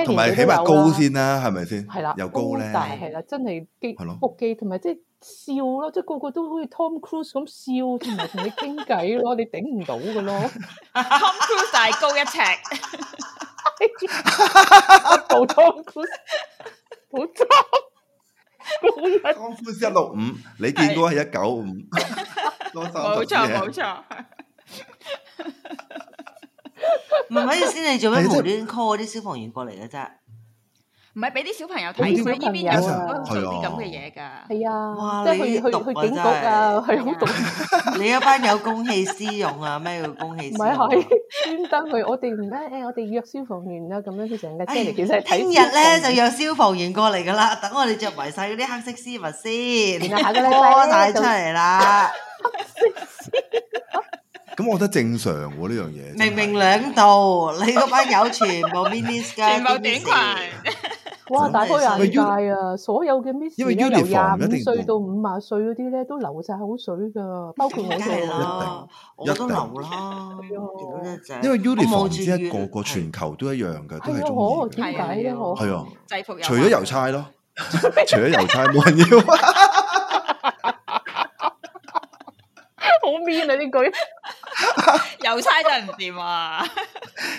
同埋、啊、起碼高先啦、啊，係咪先？係啦，又高咧，係啦，真係肌腹肌，同埋即係。笑，笑， 咯，即係個個都好似 Tom Cruise 咁笑，同埋同你傾偈咯，你頂唔到嘅咯。Tom Cruise 大高一尺，好、 啊、Tom Cruise，好 Tom, Tom Cruise 一六五，你見過係一九五，冇錯冇錯。問下要先，你做咩無端端 call 啲消防員過嚟嘅啫？唔係俾啲小朋友睇，呢邊有啲咁嘅嘢㗎。係啊，即係去去警局啊，係好毒。你一班有公器私用啊？咩叫公器私用？唔係，係專登去。我哋唔得，誒，我哋約消防員啊，咁樣佢成日嚟。其實聽日咧就約消防員過嚟㗎啦，等我哋着埋晒嗰啲黑色絲襪先，然後下個禮拜拖曬出嚟啦。咁我覺得正常喎，呢樣嘢。明明兩道，你嗰班友全部 miss 嘅，全部頂牌，哇！大波人曬啊！所有嘅 miss，因為 uniform 一定，因為由廿五歲到五啊歲嗰啲咧都流曬口水噶，包括我哋啦，我都流啦，屌你只，因為 uniform 唔知一個個全球都一樣嘅，都係中意，點解咧？好，係啊，制服，除咗郵差咯，除咗郵差冇人要。好 mean 啊！呢句郵差真係唔掂啊！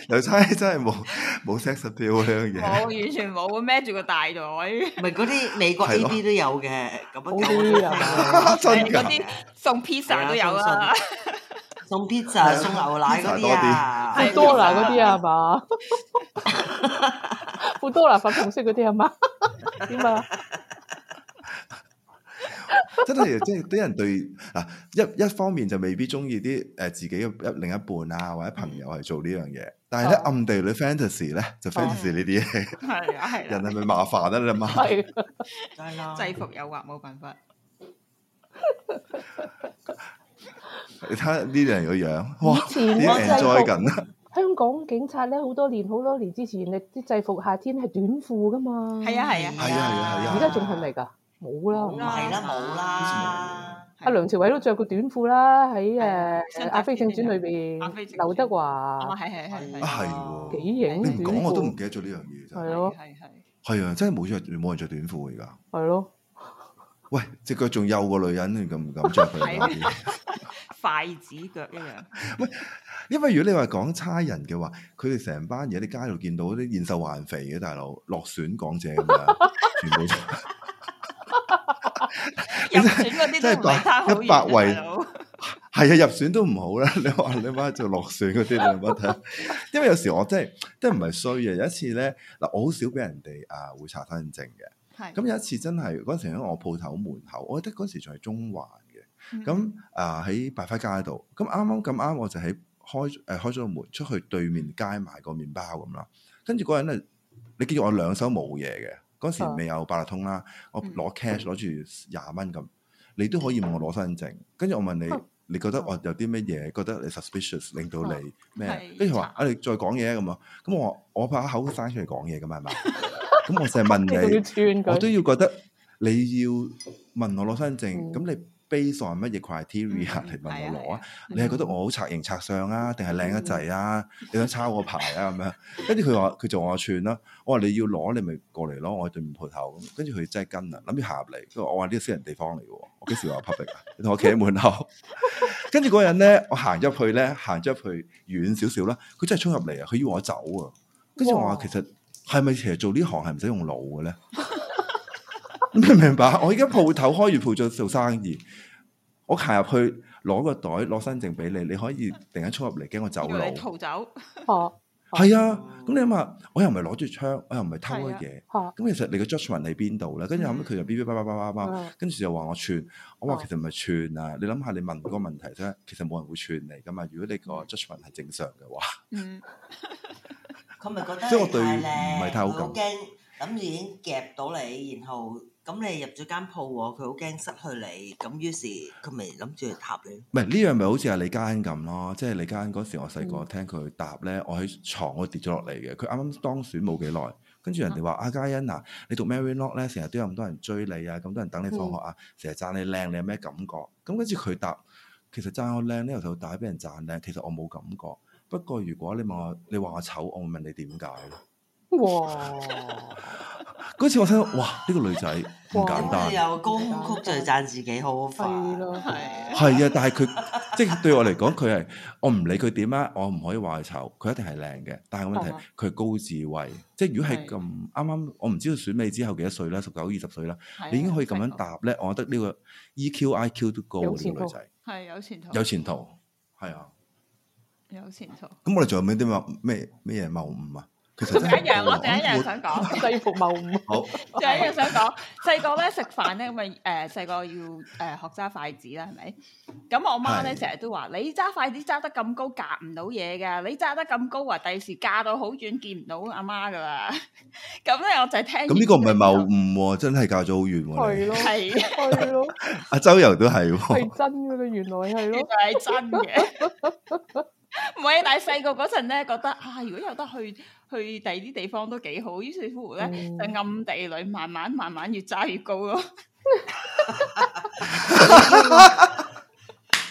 郵差真係冇冇 sex 掉嘅樣嘅，我完全冇，我孭住個大袋。唔係嗰啲美國 A B 都有嘅，咁樣嘅。嗰啲送 pizza 都有啦，送 pizza，送牛奶嗰啲啊，好多啦嗰啲係嘛？好多啦粉紅色嗰啲係嘛？點啊？ 真係，即係啲人對嗱一一方面就未必中意啲誒自己嘅一另一半啊，或者朋友係做呢樣嘢，但係咧暗地裏 fantasy 咧就 fantasy 呢啲嘢，人係咪麻煩得你嘛係制服誘惑冇辦法。你睇下呢啲人個樣，哇！以前我著緊啊！香港警察咧，好多年好多年之前，你啲制服夏天係短褲噶嘛？係啊，係啊，係啊，係啊，而家仲係咪噶？冇啦，唔係啦，冇啦。阿梁朝偉都着過短褲啦，喺誒《阿飛正傳》裏邊。阿飛正傳。劉德華。啊係係係係。啊幾型？你唔講我都唔記得咗呢樣嘢。係咯。係係。係啊，真係冇人著，冇人著短褲而家。係咯。喂，隻腳仲幼過女人，你敢唔敢着佢？筷子腳一樣。喂，因為如果你話講差人嘅話，佢哋成班而家喺街度見到啲現受還肥嘅大佬落選港姐㗎，全部。 其實入選嗰啲都唔太好嘅，係 位 啊，入選都唔好啦。你話你媽就落選嗰啲，你有冇睇。因為有時我真係真係唔係衰嘅。有一次咧，嗱，我好少俾人哋啊會查身份證嘅。係的。咁有一次真係嗰陣時喺我鋪頭門口，我記得嗰時仲係中環嘅。咁的啊喺百花街度，咁啱啱咁啱，我就喺開誒開咗個門出去對面街買個麵包咁啦。跟住嗰人咧，你記住我兩手冇嘢嘅。嗰時未有八達通啦，我攞 cash 攞住廿蚊咁，你都可以問我攞身份證。跟住我問你，你覺得我有啲乜嘢？覺得你 suspicious 令到你咩？跟住話，我哋再講嘢咁啊！咁我我把口生出嚟講嘢咁啊，係嘛？咁我成日問你，我都要覺得你要問我攞身份證。咁你。Based on 係乜嘢 criteria 嚟、mm, 問我攞啊？Mm, 你係覺得我好拆形拆相啊，定係靚一制啊？Mm. 你想抄我牌啊咁 樣？跟住佢話佢做我串啦，我話你要攞你咪過嚟咯，我喺對面鋪頭。跟住佢真係跟啊，諗住行入嚟。佢話我話呢個私人地方嚟嘅喎，我幾時話 public 啊？ 你同我企喺門口。跟住嗰人咧，我行入去咧，行咗入去遠少少啦，佢真係衝入嚟啊！佢要我走啊！跟住我話哇其實係咪其實做呢行係唔使用腦嘅咧？你明唔明白？我而家鋪頭開完鋪再做生意，我行入去攞個袋，攞身證俾你，你可以突然間衝入嚟，驚我走佬，逃走哦。係啊，咁你諗下，我又唔係攞住槍，我又唔係偷嘢，咁其實你個 judgment 喺邊度咧？跟住後尾佢就嗶嗶叭叭叭叭，跟住就話我串，我話其實唔係串啊！你諗下，你問個問題啫，其實冇人會串你噶嘛。如果你個 judgment 係正常嘅話，嗯，佢咪覺得即係我對唔係太好咁諗住已經夾到你，然後。咁你入咗間鋪，佢好驚失去你，咁於是佢咪諗住去答你？唔係呢樣，咪好似阿李嘉欣咁咯，即係李嘉欣嗰時，我細個聽佢答咧，嗯、我喺床度跌咗落嚟嘅。佢啱啱當選冇幾耐，跟住人哋話：阿嘉、嗯啊、欣啊，你讀 Marylock 咧，成日都有咁多人追你啊，咁多人等你放學啊，成日讚你靚，你有咩感覺？咁跟住佢答：其實讚我靚呢，由頭到尾俾人讚靚，其實我冇感覺。不過如果你問我，你話我醜，我會問你點解咧？哇！ 嗰次我聽到，哇！呢個女仔唔簡單，又高曲就讚自己好飛，係咯，係係啊！但係佢即係對我嚟講，佢係我唔理佢點啊，我唔可以話佢醜，佢一定係靚嘅。但係問題佢高智慧，即係如果係咁啱啱，我唔知道選美之後幾多歲啦，十九二十歲啦，你已經可以咁樣答咧。我覺得呢個 E Q I Q 都高嘅呢個女仔，係有前途，有前途，係啊，有前途。咁我哋最後面啲乜咩咩嘢謬誤啊？仲有一樣，我仲有一樣想講，就係誤謬誤。好，仲有一樣想講，細個咧，食飯咧，咁咪誒，細個要誒學揸筷子啦，係咪？咁我媽咧成日都話：你揸筷子揸得咁高，夾唔到嘢㗎。你揸得咁高，話第時嫁到好遠，見唔到阿媽㗎啦。咁咧，我就係聽。咁呢個唔係謬誤喎，真係嫁咗好遠喎。係咯，係咯。阿周游都係喎。係真㗎啦，原來係咯，係真嘅。唔係，但係細個嗰陣咧，覺得啊，如果有得去去第二啲地方都幾好。於是乎咧，就暗地裏慢慢慢慢越揸越高咯。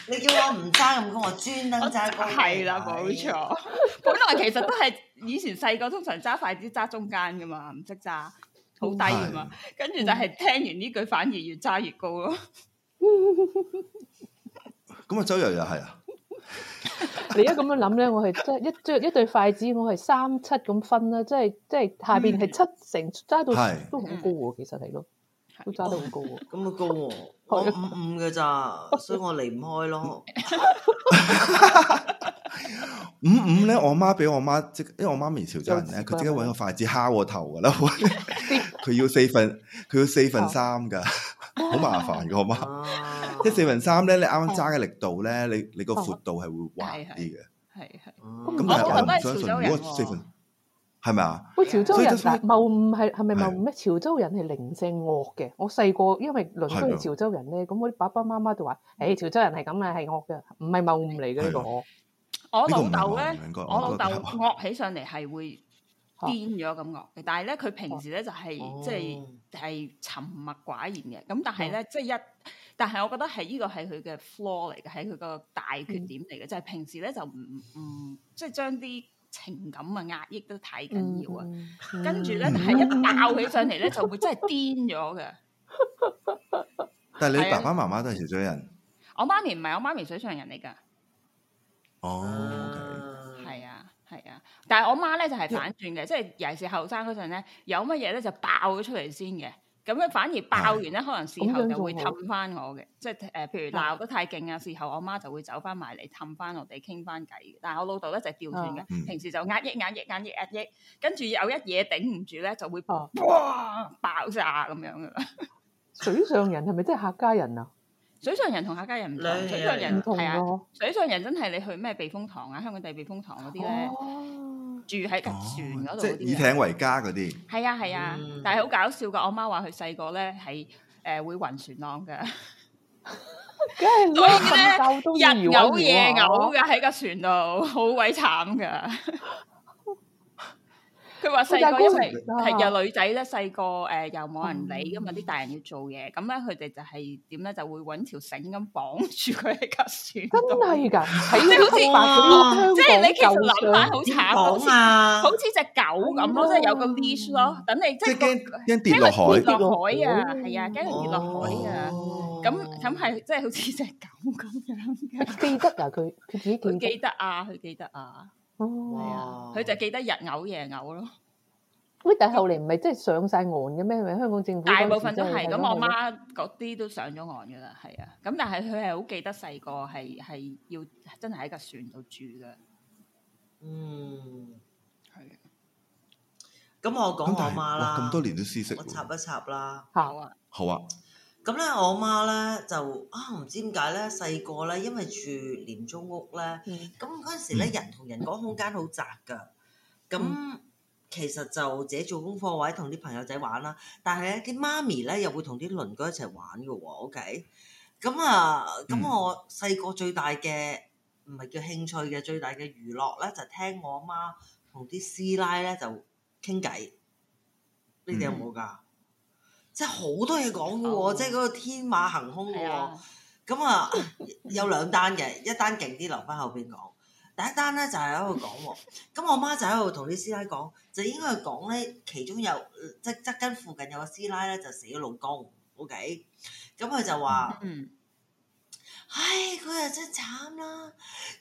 你叫我唔揸咁高，我專登揸高。係啦、就是，冇、啊、錯。 本來其實都係以前細個通常揸筷子揸中間噶嘛，唔識揸，好低噶嘛。啊、跟住就係聽完呢句，反而越揸越高咯。咁、 嗯、啊，周遊又係啊。你一咁樣諗咧，我係即係一即一對筷子，我係三七咁分啦，即係即係下邊係七成，揸到都好高喎，是其實係咯，揸得好高喎。咁咪、哦、高喎、啊？ 我五五嘅咋，所以我離唔開咯。 五五咧，我媽俾我媽即係，因為我媽咪潮州人咧，佢即刻搵個筷子敲我頭噶啦？佢要四份，佢要四份三噶，啊、好麻煩噶，我媽。即係四分三咧，你啱啱揸嘅力度咧，你你個闊度係會滑啲嘅。係係。咁但係我都係潮州人，如果四分係咪啊？喂，潮州人嗱，謬誤係係咪謬誤咧？潮州人係零舍惡嘅。我細個因為鄰居潮州人咧，咁我啲爸爸媽媽就話，誒潮州人係咁嘅，係惡嘅，唔係謬誤嚟嘅呢個。我老竇咧，我老竇惡起上嚟係會。癲咗感覺但係咧佢平時咧就係即係係沉默寡言嘅，咁但係咧即係一，但係我覺得係呢個係佢嘅 flaw 嚟嘅，係佢個大缺點嚟嘅。嗯嗯，就係平時咧就唔唔即係將啲情感啊壓抑都太緊要啊，嗯、跟住咧但係一拗起上嚟咧就會真係癲咗嘅。但係你爸爸媽媽都係潮水人，我媽咪唔係，我媽咪，咪水上人嚟噶。哦。Okay. 係啊，但係我媽咧就係、是、反轉嘅，即係尤其是後生嗰陣咧，有乜嘢咧就爆咗出嚟先嘅，咁樣反而爆完咧，啊、可能事後就會氹返我嘅，即係誒，譬如鬧得太勁啊，事後我媽就會走返埋嚟氹返我哋傾返偈嘅。但係我老豆咧就調轉嘅，啊、平時就壓抑壓抑壓抑壓抑，跟住有一嘢頂唔住咧，就會、啊呃、爆爆炸咁樣噶啦。 水上人係咪即係客家人啊？ 水上人同客家人唔同，水上人係啊，水上人真係你去咩避風塘啊，香港地避風塘嗰啲咧，住喺船嗰度，以艇為家嗰啲。係啊係啊，但係好搞笑噶，我媽話佢細個咧係誒會暈船浪噶，咁所以咧日嘔夜嘔嘅喺個船度，好鬼慘噶。佢話細個因為係有女仔咧，細個誒又冇人理咁嘛，啲大人要做嘢，咁咧佢哋就係點咧，就會揾條繩咁綁住佢喺隔士。真係㗎，即你好似即係你其實諗法好慘，好似好似隻狗咁咯，即係有個 leash 咯，等你即係驚驚跌落海，跌落海啊，係啊，驚跌落海啊，咁咁係即係好似隻狗咁樣。記得啊，佢佢自己記得。記得啊，佢記得啊。哦，佢哇就記得日嘔夜嘔咯。喂，但係後嚟唔係即係上晒岸嘅咩？係咪香港政府大部分都係咁？我媽嗰啲都上咗岸噶啦，係啊。咁但係佢係好記得細個係係要真係喺個船度住噶。嗯，係的。咁我講我媽啦，咁多年都試食，我插一插啦。好啊，好啊。好啊咁咧，我媽咧就啊，唔知點解咧，細個咧因為住廉租屋咧，咁嗰陣時咧人同人講空間好窄㗎，咁其實就自己做功課或者同啲朋友仔玩啦。但係咧啲媽咪咧又會同啲鄰居一齊玩嘅喎，OK。咁啊，咁我細個最大嘅唔係叫興趣嘅，最大嘅娛樂咧就是、聽我媽同啲師奶咧就傾偈，你哋有冇㗎？嗯即係好多嘢講嘅喎，oh. 即係嗰個天馬行空嘅喎，咁啊 Yeah.、嗯、有兩單嘅，一單勁啲留翻後邊講，第一單咧就係喺度講喎，咁 我媽就喺度同啲師奶講，就應該講咧，其中有即係側近附近有個師奶咧就死咗老公，OK，咁佢就話，嗯唉，佢又真慘啦、啊！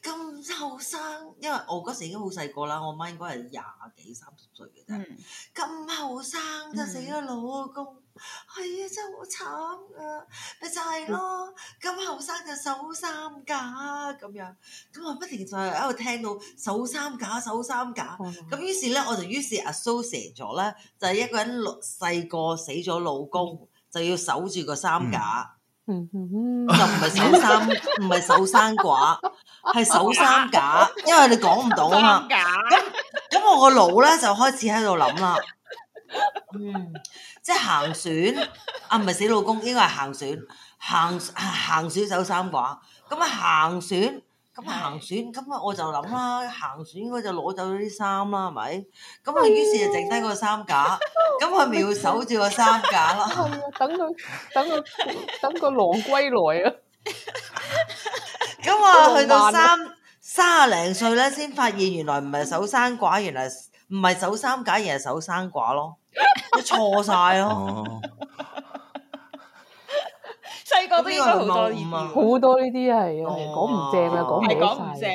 咁後生，因為我嗰時已經好細個啦，我媽應該係廿幾三十歲嘅啫，咁後生就死咗老公，係、嗯哎、啊，真係好慘啊！咪就係咯，咁後生就守三甲咁樣，咁我不停就喺度聽到守三甲守三甲，咁、嗯、於是咧我就於是阿蘇成咗咧，就係、是、一個人落細個死咗老公，嗯、就要守住個三甲。嗯嗯，又唔係守三，唔係守三寡，係 守三假， 因為你講唔到啊嘛。咁咁 守山架我個腦咧就開始喺度諗啦，嗯， 即係行船啊，唔係死老公，應該係行船，行行行船守三寡，咁啊行船。行咁行船，咁啊我就諗啦，行船應該就攞走咗啲衫啦，係咪？咁啊，於是就剩低個衫架，咁佢咪要守住個衫架咯。係啊、 嗯，等佢，等佢，等個郎歸來啊！咁我去到三三啊零歲咧，先發現原來唔係守生寡，原來唔係守衫架，而係守生寡咯，錯晒咯。細個都應該好多，好多呢啲係啊，講唔正啊，講唔好晒。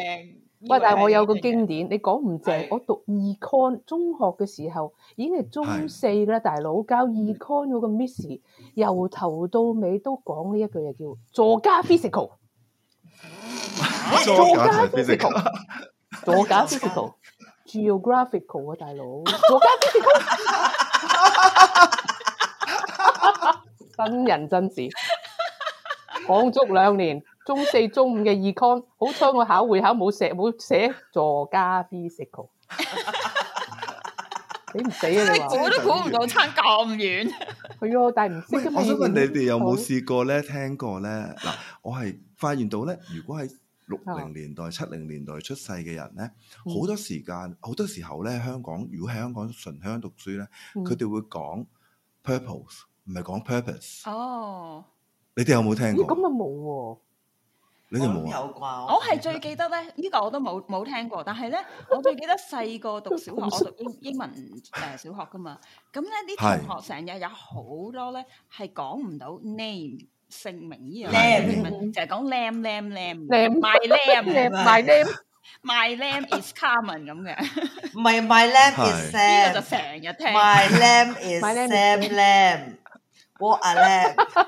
喂，但係我有個經典，你講唔正。我讀 Econ 中學嘅時候，已經係中四啦，大佬教 Econ 嗰個 Miss 由頭到尾都講呢一句，就叫作家 physical，作家 physical，作家 physical，geographical 啊，大佬，作家 physical，真人真事。講足兩年，中四、中五嘅 econ，好彩我考會考冇寫冇寫助加 B 四 call，死唔死啊！估都估唔到差咁遠，係啊，但係唔識咁。我想問你哋有冇試過咧、聽過咧？嗱，我係發現到咧，如果喺六零年代、七零年代出世嘅人咧，好多時間、好多時候咧，香港如果喺香港純香讀書咧，佢哋會講 purpose，唔係講 purpose 哦。你哋有冇聽過？咁啊冇喎，你哋冇啊？有啩？我係最記得咧，呢個我都冇冇聽過。但係咧，我最記得細個讀小學，我讀英英文誒小學噶嘛。咁咧啲同學成日有好多咧係講唔到 name 姓名呢樣嘢，就係講 lam lam lam。lam my lam lam my lam my lam is Carmen 咁嘅。唔係 my lam is Sam，呢個就成日聽。my lam is Sam lam。what a lam？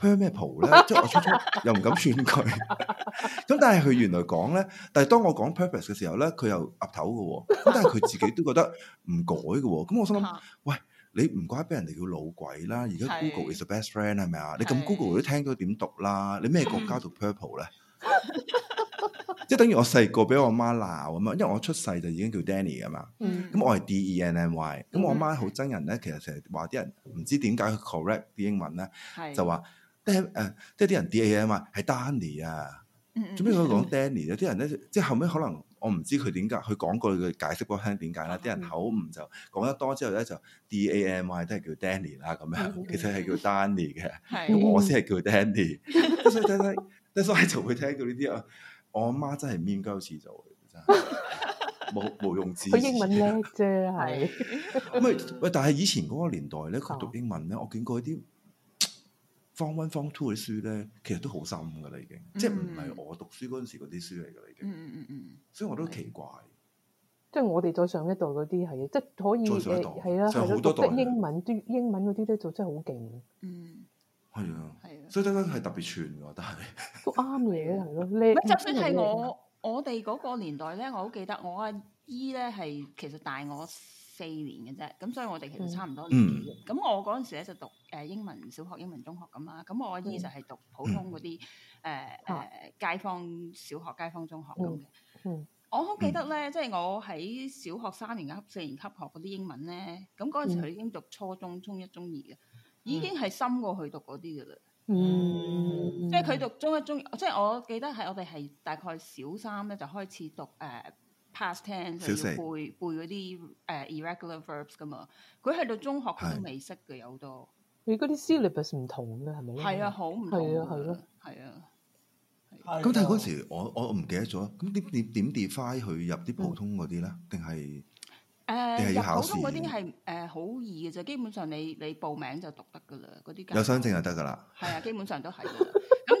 p u r p l e 咧？即係我初初又唔敢串佢，咁但係佢原來講咧，但係當我講 purpose 嘅時候咧，佢又岌頭嘅，咁但係佢自己都覺得唔改嘅，咁我心諗，喂，你唔怪得俾人哋叫老鬼啦，而家 Google is the best friend 係咪啊？你咁 Google 都聽到點讀啦？你咩國家讀 purple 咧？即係等於我細個俾我媽鬧咁啊，因為我出世就已經叫 Danny 噶嘛，咁我係 D E N N Y，咁我阿媽好憎人咧，其實成日話啲人唔知點解 correct 啲英文咧，就話。誒，即係啲人 D A M 啊，係 Danny 啊，做咩佢講 Danny，有啲人咧，即係後尾可能我唔知佢點解，佢講過佢解釋過聽點解啦，啲人口誤就講得多之後咧就，嗯、就 D A M Y，都係叫 Danny 啦，咁樣其實係叫 Danny 嘅，嗯、我先係叫 Danny 是。但係但係，但係我就會聽到呢啲啊，我阿媽真係面鳩似做，真係冇冇用字。佢 英文叻啫係，喂？ 但係以前嗰個年代咧，佢讀英文咧，我見過啲。方 One、方 Two 嗰啲書咧，其實都好深噶啦，已經，即係唔係我讀書嗰陣時嗰啲書嚟噶啦，已經。嗯嗯嗯，所以我都奇怪，即係我哋再上一代嗰啲係，即係可以再上一代啦係啦，好多係英文啲英文嗰啲咧，做真係好勁。嗯，係啊，所以真係特別全喎，都係。啱嘅係咯，你。就算係我，我哋嗰個年代咧，我好記得我阿姨咧係其實大我。四年嘅啫，咁所以我哋其實差唔多年紀。咁、嗯、我嗰陣時咧就讀誒英文小學、英文中學咁啦。咁我姨就係讀普通嗰啲誒誒街坊小學、街坊中學咁嘅。嗯嗯、我好記得咧，即係、嗯、我喺小學三年級、四年級學嗰啲英文咧。咁嗰陣時佢已經讀初中，中一、中二嘅，已經係深過佢讀嗰啲嘅嘞。嗯，即係佢讀中一、中二，即、就、係、是、我記得係我哋係大概小三咧就開始讀誒。呃 past tense 就要背背嗰啲誒 irregular verbs 噶嘛，佢去到中學佢都未識嘅有好多，你嗰啲 syllabus 唔同嘅，係咪吧？係啊，好唔同啊，係咯，係啊。咁但係嗰時我我唔記得咗，咁點點點 defy 去入啲普通嗰啲咧？定係誒入普通嗰啲係誒好易嘅啫，基本上你你報名就讀得噶啦，啲有相證就得噶啦，係啊，基本上都係。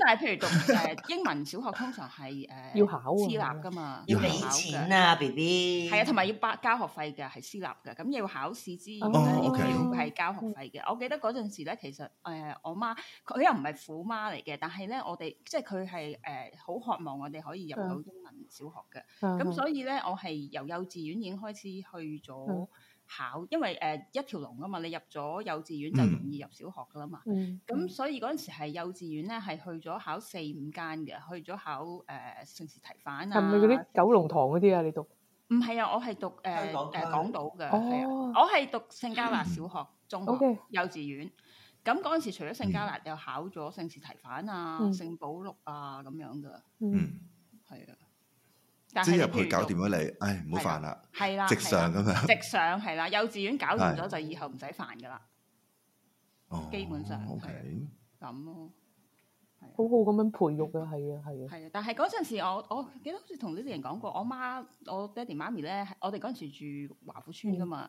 但係，譬如讀誒英文小學，通常係、 呃、考私立噶嘛，要俾錢啊，B B。係啊，同埋寶要百交學費嘅，係私立嘅。咁要考試之餘咧，都要、哦、交學費嘅。嗯、我記得嗰陣時咧，其實誒、呃、我媽佢又唔係虎媽嚟嘅，但係咧我哋即係佢係誒好渴望我哋可以入到英文小學嘅。咁、嗯、所以咧，我係由幼稚園已經開始去咗。嗯考，因為誒一條龍噶嘛，你入咗幼稚園就容易入小學噶啦嘛。咁所以嗰陣時係幼稚園咧係去咗考四五間嘅，去咗考誒聖士提反啊。係咪嗰啲九龍塘嗰啲啊？你讀？唔係啊，我係讀誒誒港島嘅，係啊，我係讀聖嘉拿小學、中學、幼稚園。咁嗰陣時除咗聖嘉拿，又考咗聖士提反啊、聖保祿啊咁樣㗎。嗯，係啊。即入去搞掂咗你，唉唔好煩啦，直上咁樣，直上係啦。幼稚園搞掂咗就以後唔使煩噶啦。哦，基本上係咁咯。好好咁樣培育啊，係啊，係啊。係啊，但係嗰陣時我我記得好似同呢啲人講過，我媽我爹哋媽咪咧，我哋嗰陣時住華富村噶嘛，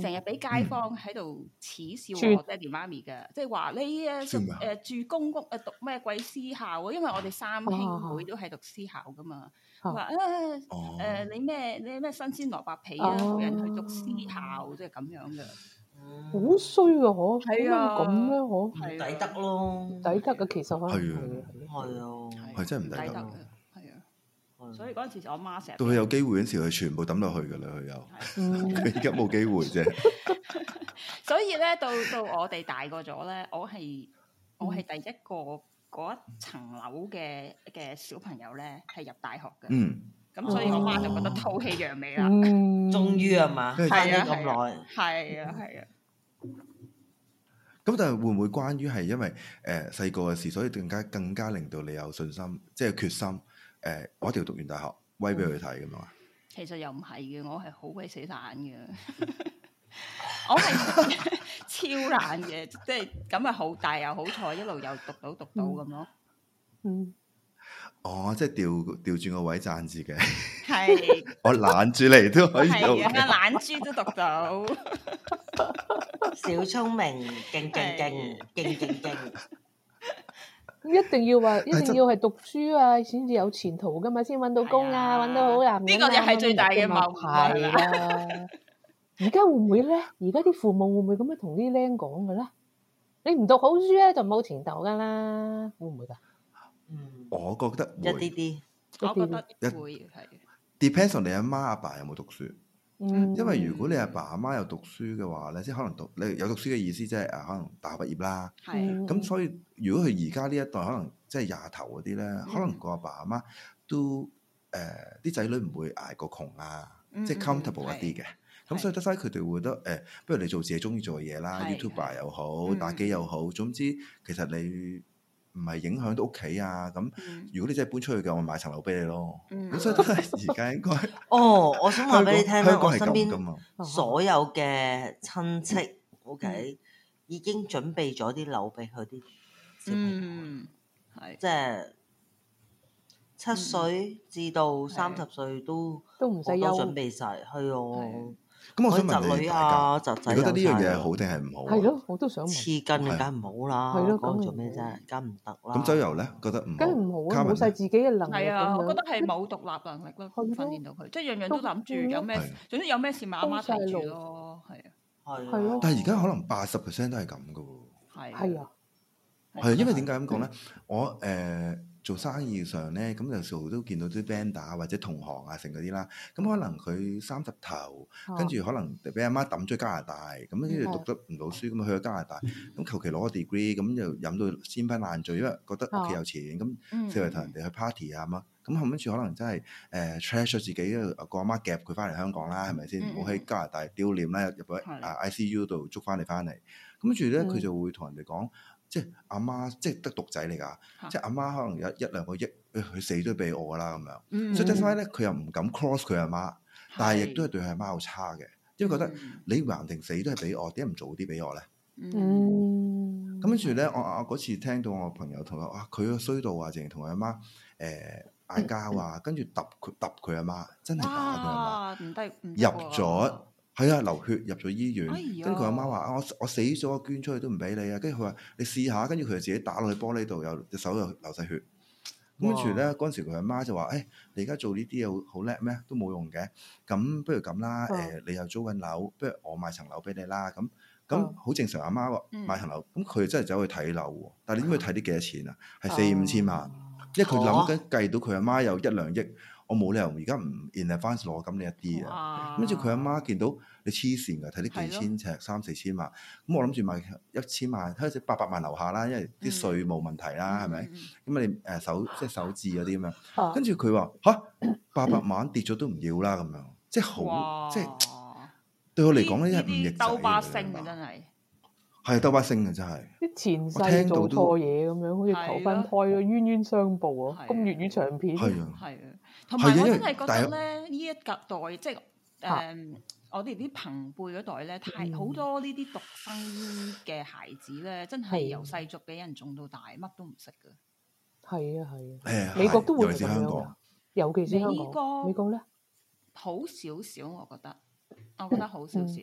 成日俾街坊喺度恥笑我爹哋媽咪嘅，即係話你啊誒住公屋誒讀咩鬼私校啊？因為我哋三兄妹都係讀私校噶嘛。話誒誒，誒你咩你咩新鮮蘿蔔皮啊，人去讀私校，即係咁樣嘅，好衰噶嗬，係啊咁咧嗬，唔抵得咯，抵得噶，其實係啊，係啊，係真係唔抵得，係啊，所以嗰陣時就我媽成日到佢有機會嗰陣時，佢全部抌落去噶啦，佢又，佢而家冇機會啫。所以咧，到到我哋大個咗咧，我係我係第一個。嗰一層樓嘅嘅小朋友咧，係入大學嘅。嗯，咁所以我媽就覺得吐氣揚眉啦。終於啊嘛，係啊，咁耐，係啊，係啊。咁但係會唔會關於係因為誒細個嘅事，所以更加更加令到你有信心，即係決心誒，我一定要讀完大學威俾佢睇咁樣啊？其實又唔係嘅，我係好鬼死散嘅，我係。超懶嘅，即係咁啊！好大又好彩，一路又讀到讀到咁咯。嗯，哦，即係調調轉個位讚自己，係我懶住嚟都可以讀，養個懶豬都讀到，小聰明，勁勁勁，勁勁勁，一定要話，一定要係讀書啊，先至有前途噶嘛，先搵到工啊，搵到好難，呢個就係最大嘅冒牌啦。而家會唔會咧？而家啲父母會唔會咁樣同啲僆講嘅咧？你唔讀好書咧，就冇前途㗎啦！會唔會㗎？嗯，我覺得一啲啲，我覺得會係。Depends on 你阿媽阿爸有冇讀書。嗯、因為如果你阿爸阿媽有讀書嘅話咧，即係可能讀你有讀書嘅意思，即係啊，可能大學畢業啦。係是。咁、嗯、所以，如果佢而家呢一代，可能即係廿頭嗰啲咧，可能個阿爸阿媽都誒啲仔女唔會捱過窮啊，即係 comfortable 一啲嘅。咁所以得晒佢哋會得誒，不如你做自己中意做嘅嘢啦，YouTuber 又好，打機又好，總之其實你唔係影響到屋企啊。咁如果你真係搬出去嘅，我買層樓俾你咯。咁所以而家應該哦，我想話俾你聽，香港係咁㗎嘛，所有嘅親戚 O.K. 已經準備咗啲樓俾佢啲小朋友，係即係七歲至到三十歲都都唔使憂，都準備晒，係啊。咁我想問你大家，你覺得呢樣嘢係好定係唔好？係咯，我都想。黐筋嘅梗唔好啦，講做咩啫？梗唔得啦。咁周遊咧，覺得唔好。梗唔好冇晒自己嘅能力，係啊，我覺得係冇獨立能力咯，可以訓練到佢，即係樣樣都諗住有咩，總之有咩事咪阿媽睇住咯，係啊，係咯。但係而家可能八十 percent 都係咁嘅喎。係啊。係啊，因為點解咁講咧？我誒。做生意上咧，咁有時候都見到啲 banda 或者同行啊，成嗰啲啦。咁可能佢三十頭，跟住可能俾阿媽抌咗加拿大，咁跟住讀得唔到書，咁去咗加拿大，咁求其攞個 degree，咁就飲到先翻爛醉，因為覺得屋企有錢，咁四圍同人哋去 party 啊咁啊。咁後尾住可能真係誒 trash 咗自己，個阿媽夾佢翻嚟香港啦，係咪先？唔好喺加拿大丟臉啦，入咗 ICU 度捉翻嚟翻嚟。咁跟住咧，佢就會同人哋講。即係阿媽，即係得獨仔嚟㗎。即係阿媽可能有一兩個億，佢死都俾我啦咁樣。所以點解咧，佢又唔敢 cross 佢阿媽，但係亦都係對佢阿媽好差嘅，因為覺得你橫掂死都係俾我，點解唔早啲俾我咧？咁跟住咧，我我嗰次聽到我朋友同佢話，佢個衰到啊，淨係同佢阿媽誒嗌交啊，跟住揼佢揼佢阿媽，真係打佢阿媽。唔得，入咗。係啊，流血入咗醫院，跟住佢阿媽話，啊，我我死咗，捐出去都唔俾你啊！跟住佢話，你試下，跟住佢就自己打落去玻璃度，又隻手又流晒血。跟住咧，嗰陣時佢阿媽就話，誒、哎，你而家做呢啲嘢好叻咩？都冇用嘅。咁不如咁啦，誒、哦，你又租緊樓，不如我買層樓俾你啦。咁咁好正常。阿媽話，買層樓，咁佢真係走去睇樓。但係你知唔知睇啲幾多錢啊？係四五千萬，哦哦、因為佢諗緊計到佢阿媽有一兩億。我冇理由，而家唔 in advance 攞咁你一啲啊。跟住佢阿媽見到你黐線嘅，睇啲幾千尺、 三四千萬，咁我諗住買一千萬，開始八百萬樓下啦，因為啲稅冇問題啦，係咪、嗯？咁啊你誒手即係手字嗰啲咁樣，跟住佢話吓？八百萬跌咗都唔要啦，咁樣即係好，即係對我嚟講咧，啲兜巴星啊，真係～係兜巴星嘅真係，啲前世做錯嘢咁樣，好似投翻胎咯，冤冤相報啊，咁粵語長片。係啊，同埋我真係覺得咧，呢一 Generation 即係誒，我哋啲朋輩嗰代咧，太好多呢啲獨生嘅孩子咧，真係由細逐俾人縱到大，乜都唔識嘅。係啊，係啊，誒，美國都會咁樣㗎，尤其是香港，香港咧好少少，我覺得，我覺得好少少。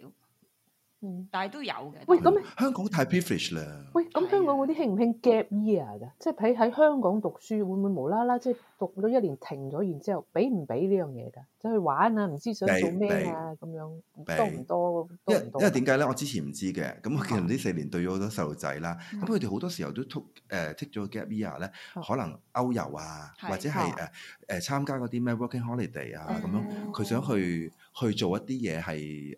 嗯，但係都有嘅。喂，咁香港太 privileged 啦。喂，咁香港嗰啲興唔興 gap year 噶？即係喺喺香港讀書會唔會無啦啦即係讀咗一年停咗，然之後俾唔俾呢樣嘢噶？即去玩啊，唔知想做咩啊咁樣，多唔多？因因為點解咧？我之前唔知嘅。咁我其實呢四年對咗好多細路仔啦。咁佢哋好多時候都突誒 take 咗 gap year 咧，可能歐遊啊，或者係誒誒參加嗰啲咩 working holiday 啊咁樣。佢想去去做一啲嘢係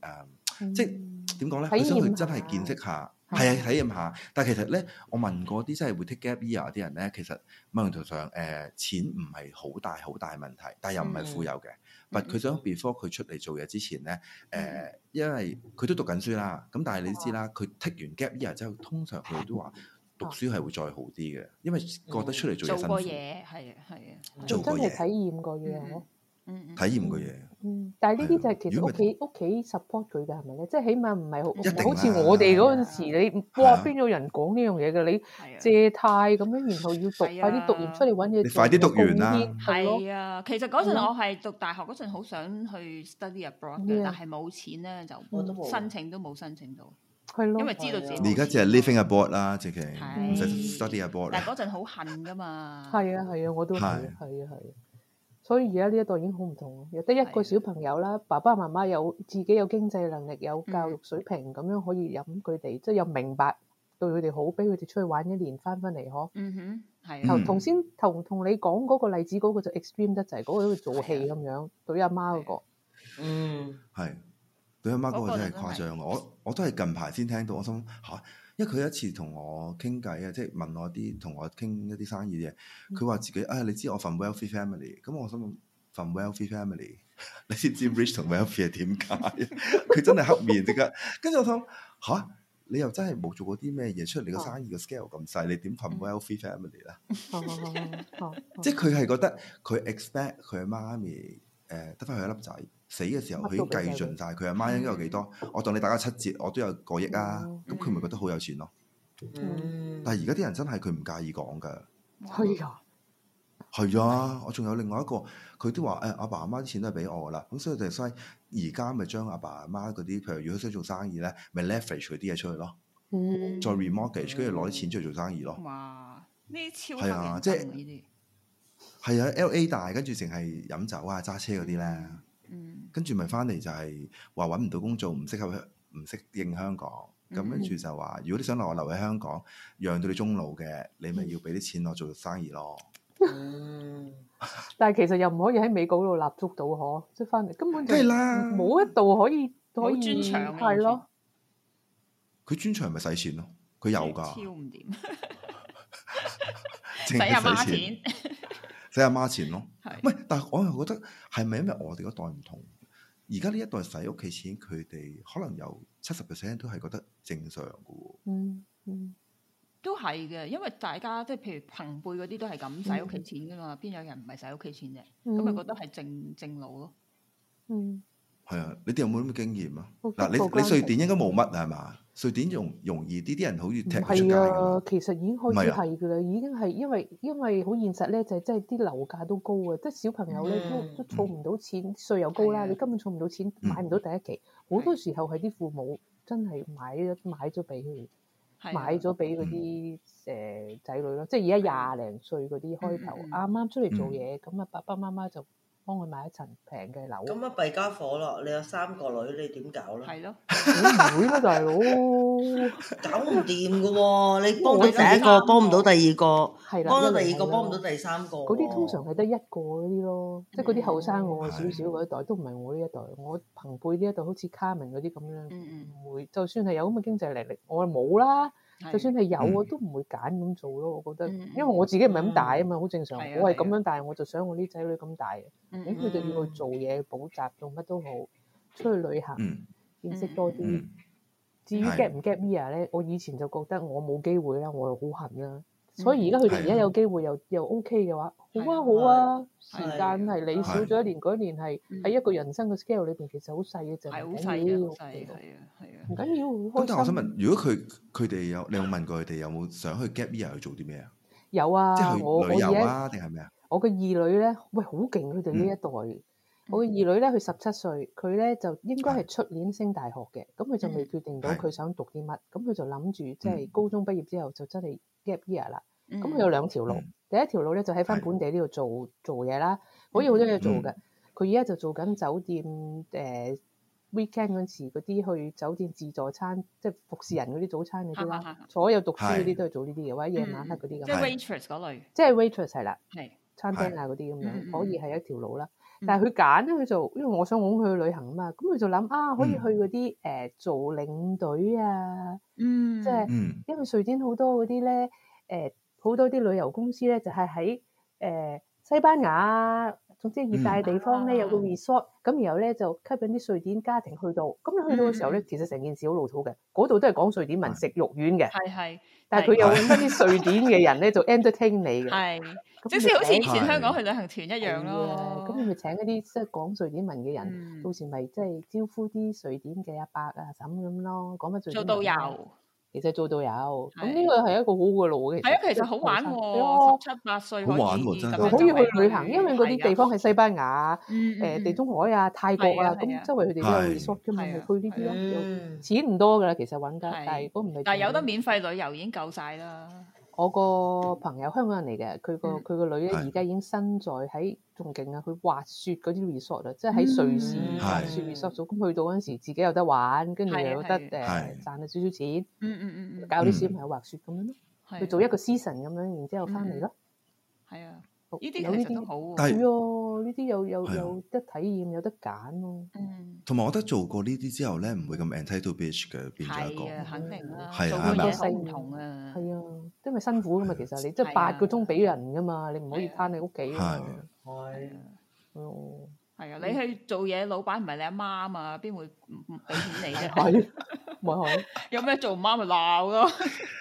誒即點講咧？佢想佢真係見識下，係啊的的體驗下。但係其實咧，我問過啲真係會 take gap year 啲人咧，其實某程度上誒錢唔係好大好大問題，但係又唔係富有嘅、嗯 But 呃。但佢想 before 佢出嚟做嘢之前咧，誒因為佢都讀緊書啦。咁但係你知啦，佢 take 完 gap year 之後，通常佢哋都話讀書係會再好啲嘅，因為覺得出嚟做嘢辛苦。嗯、做過嘢係啊係啊，真係體驗過嘢體驗嘅嘢，嗯，但係呢啲就係其實屋企屋企 support 佢嘅係咪咧？即係起碼唔係好，好似我哋嗰陣時，你哇邊有人講呢樣嘢嘅？你借貸咁樣，然後要讀快啲讀完出嚟搵嘢做，你快啲讀完啦，係啊。其實嗰陣我係讀大學嗰陣好想去 study abroad 嘅，但係冇錢咧就申請都冇申請到，係咯，因為知道自己。你而家淨係 living abroad 啦，直情，唔使 study abroad，但係嗰陣好恨噶嘛。係啊係啊，我都係，係啊係。所以而家呢一代已經好唔同，又得一個小朋友啦，爸爸媽媽有自己有經濟能力，有教育水平，嗯，咁樣可以飲佢哋，即係又明白對佢哋好，俾佢哋出去玩一年，翻返嚟嗬，嗯哼，係。頭同先同同你講嗰個例子嗰個就 extreme 得滯，嗰個做戲咁樣對阿媽嗰個。對阿媽嗰個，嗯，係對阿媽嗰個真係誇張，我我都係近排先聽到，我心嚇。即係佢一次同我傾偈啊，即係問我啲同我傾一啲生意嘅。佢話自己啊、哎，你知我份 wealthy family。咁我想問份 wealthy family，你先知 rich 同 wealthy 係點解？佢 真係黑面啲㗎。跟住 我諗吓，你又真係冇做過啲咩嘢出嚟？你個生意嘅 scale 咁細，你點份 wealthy family 咧？即係佢係覺得佢 expect 佢媽咪誒得翻佢一粒仔。死嘅時候，佢已經計盡曬佢阿媽應該有幾多。我當你打咗七折，我都有過億啊。咁佢咪覺得好有錢咯？但係而家啲人真係佢唔介意講㗎。係啊，係啊，我仲有另外一個，佢都話誒阿爸阿媽啲錢都係俾我㗎啦。咁所以就係所以而家咪將阿爸阿媽嗰啲，譬如如果想做生意咧，咪 leverage 佢啲嘢出去咯。再 re-mortgage 跟住攞啲錢出去做生意咯。哇！呢啲超級係啊，即係係啊，L A 大跟住淨係飲酒啊、揸車嗰啲咧。跟住咪翻嚟就係話搵唔到工作，唔適合唔適應香港，咁跟住就話，如果你想留我留喺香港，養到你終老嘅，你咪要俾啲錢我做生意咯。但係其實又唔可以喺美國嗰度立足到可，即係翻嚟根本。就係啦，冇一度可以可以，係咯。佢專長咪使錢咯，佢有噶。超唔掂，使阿媽錢。使阿媽，媽錢咯，唔係的，但係我又覺得係咪因為我哋嗰代唔同，而家呢一代使屋企錢，佢哋可能有七十 percent 都係覺得正常嘅喎，嗯。嗯，都係嘅，因為大家即係譬如朋輩嗰啲都係咁使屋企錢噶嘛，邊、嗯、有人唔係使屋企錢啫？咁咪、嗯、覺得係正正路咯。嗯，係啊，你哋有冇咁嘅經驗啊？嗱，你你瑞典應該冇乜係嘛？瑞典容容易，啲啲人好易踢出街咁。唔係啊，其實已經開始係噶啦，已經係，因為因為好現實咧，就係即係啲樓價都高啊，即係小朋友咧都都儲唔到錢，稅又高啦，你根本儲唔到錢，買唔到第一期。好多時候係啲父母真係買咗買咗俾佢，買咗俾嗰啲誒仔女咯。即係而家廿零歲嗰啲開頭啱啱出嚟做嘢，咁啊爸爸媽媽就。幫佢買一層平嘅樓。咁啊弊家伙咯！你有三個女，你點搞咧？係咯，唔會啊大佬，搞唔掂噶喎！你幫到第一個幫唔到第二個，係啦，幫到第二個幫唔到第三個。嗰啲通常係得一個嗰啲咯，即係嗰啲後生我少少嗰一代，都唔係我呢一代。我朋輩呢一代，好似 Carmen 嗰啲咁樣，唔會。就算係有咁嘅經濟能力，我冇啦。就算係有我都唔會揀咁做咯，我覺得，因為我自己唔係咁大啊嘛，好、嗯、正常。我係咁樣大，我就想我啲仔女咁大，咁佢、嗯、就要去做嘢、補習，做乜都好，出去旅行，見識多啲。嗯、至於 gap 唔 gap year 咧，我以前就覺得我冇機會啦，我好恨啦。所以而家佢哋而家有機會又又 O K 嘅話，好啊，好啊，時間係你少咗一年，嗰一年係喺一個人生嘅 scale 裏邊，其實好細嘅，真係好細，好細，係啊，係啊，唔緊要，好開心。咁但係我想問，如果佢佢哋有，你有問過佢哋有冇想去 gap year 去做啲咩啊？有啊，即係去旅遊啊？定係咩啊？我個二女咧，喂，好勁，佢哋呢一代，我個二女咧，佢十七歲，佢咧就應該係出年升大學嘅，咁佢就未決定到佢想讀啲乜，咁佢就諗住即係高中畢業之後就真係 gap year 啦。咁佢有兩條路，第一條路咧就喺返本地呢度做做嘢啦，可以好多嘢做嘅。佢而家就做緊酒店誒 weekend 嗰時嗰啲去酒店自助餐，即係服侍人嗰啲早餐嗰啲啦。所有讀書嗰啲都係做呢啲嘢，或者夜晚黑嗰啲咁。即係 waitress 嗰類，即係 waitress 係啦，餐廳啊嗰啲咁樣可以係一條路啦。但係佢揀咧，佢就，因為我想揾去旅行啊嘛。咁佢就諗啊，可以去嗰啲誒做領隊啊，嗯，即係因為瑞典好多嗰啲咧誒。好多啲旅遊公司咧就係喺誒西班牙，總之熱帶嘅地方咧有個 resort，咁、嗯、然後咧就吸引啲瑞典家庭去到，咁你去到嘅時候咧，其實成件事好老土嘅，嗰度都係講瑞典文，嗯、食肉丸嘅，係係，但係佢又揾啲瑞典嘅人咧就 entertain 你嘅，係，即係好似以前香港去旅行團一樣咯，咁佢、嗯嗯、請嗰啲即係講瑞典文嘅人，到時咪即係招呼啲瑞典嘅阿伯啊怎咁咯，講乜瑞典文？做導遊。其實做到有，咁呢個係一個好好嘅路嘅。係啊，其實好玩喎，七八歲開始，可以去旅行，因為嗰啲地方係西班牙、誒地中海啊、泰國啊，咁周圍佢哋啲 hot zone 嘅區域啲咁，錢唔多噶啦，其實揾噶，但係如果唔係，但係有得免費旅遊已經夠晒啦。我個朋友香港人嚟嘅，佢個佢、嗯、個女咧而家已經身在喺，仲勁啊！佢滑雪嗰啲 resort 啊，即係喺瑞士滑雪 resort，咁去到嗰陣時自己有得玩，跟住又有得誒賺咗少少錢，嗯嗯嗯教啲小朋友滑雪咁、嗯、樣咯，佢做一個 season 咁樣，然之後翻嚟咯，係啊的。嗯嗯有呢啲，都好喎，係啊，呢啲有有有得體驗，有得揀咯。嗯，同埋我覺得做過呢啲之後咧，唔會咁 entitled bitch 嘅變咗一個。係啊，肯定啦，做咁多世唔同啊。係啊，因為辛苦啊嘛，其實你即係八個鐘俾人噶嘛，你唔可以攤你屋企。係係。係啊，你去做嘢，老闆唔係你阿媽啊嘛，邊會唔唔俾錢你啫？係咪係？有咩做唔啱咪鬧咯？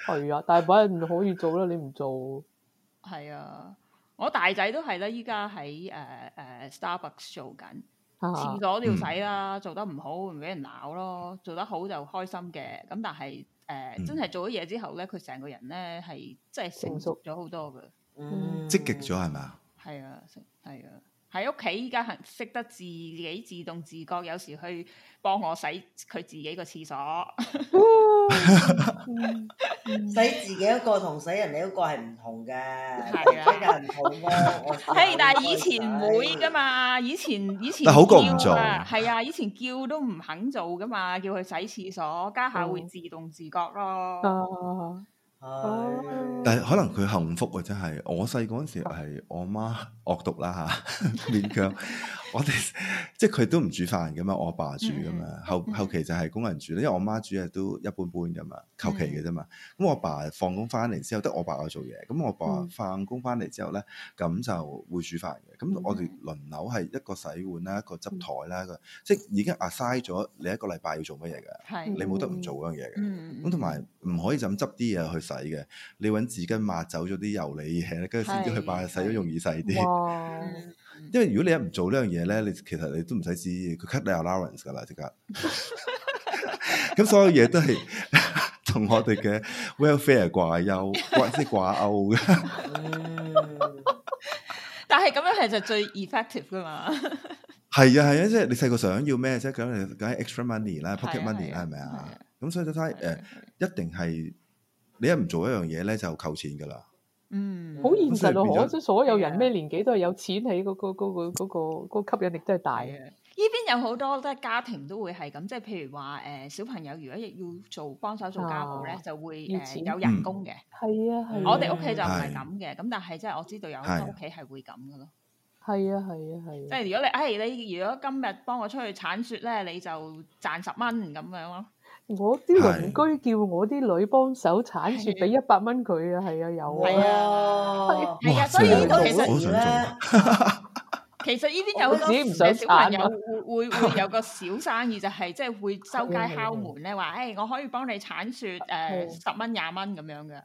係啊，大把人可以做啦，你唔做。係啊。我大仔都係啦，依家喺誒誒、呃呃、Starbucks 做緊，廁所都要洗啦，嗯、做得唔好唔俾人鬧咯，做得好就開心嘅。咁但係誒、呃嗯、真係做咗嘢之後咧，佢成個人咧係即係成熟咗好多嘅，嗯嗯、積極咗係咪啊？係啊，係啊，喺屋企依家係識得自己自動自覺，有時去幫我洗佢自己個廁所。 使 自己一個同使人哋一個係唔同嘅，一個人抱我試試。嘿， 但係以前唔會噶嘛，以前以前但好過唔做係啊、嗯、啊，以前叫都唔肯做噶嘛，叫佢洗廁所，家下會自動自覺咯。但係可能佢幸福啊，真係我細嗰陣時係我媽惡毒啦吓，勉強。 我哋即係佢都唔煮飯噶嘛，我阿爸,爸煮噶嘛。Mm hmm. 後後期就係工人煮，因為我媽煮嘢都一般般噶嘛，求其嘅啫嘛。咁、嗯嗯、我爸放工翻嚟之後，得我爸去做嘢。咁、嗯、我爸放工翻嚟之後咧，咁就會煮飯嘅。咁我哋輪流係一個洗碗啦，一個執台啦。即係而家 assign 咗你一個禮拜要做乜嘢嘅，你冇得唔做嗰樣嘢嘅。咁同埋唔可以就咁執啲嘢去洗嘅，你搵紙巾抹走咗啲油膩嘢，跟住先至去擺洗咗容易洗啲。 因為如果你一唔做呢樣嘢咧，你其實你都唔使知佢 cut 你 allowance 噶啦，即刻。咁 所有嘢都 係同我哋嘅 welfare 掛憂，即係掛鈎嘅。但係咁樣係就最 effective 噶嘛？係啊係啊，即係你細個想要咩啫？咁你梗係 extra money 啦，pocket money 啦，係咪啊？咁、啊啊啊啊啊啊啊、所以就睇、是、誒、呃，一定係你一唔做一樣嘢咧，就扣錢噶啦。嗯，好現實咯！我即成所有人咩年紀都係有錢喺嗰、嗰個嗰、嗰個、嗰個、嗰個吸引力都係大嘅。呢邊有好多都係家庭都會係咁，即、就、係、是、譬如話誒、呃、小朋友如果要做幫手做家務咧，啊嗯、就會誒、呃、有人工嘅。係啊係，啊啊我哋屋企就唔係咁嘅，咁、啊、但係即係我知道有啲屋企係會咁嘅咯。係啊係啊係。即係如果你誒你如果今日幫我出去鏟雪咧，你就賺十蚊咁樣咯。我啲鄰居叫我啲女幫手剷雪，俾一百蚊佢啊！係啊，有啊，係啊，所以呢度其實，其實呢啲有唔多小朋友會會會有個小生意，就係即係會周街敲門咧，話誒，我可以幫你剷雪誒，十蚊廿蚊咁樣嘅。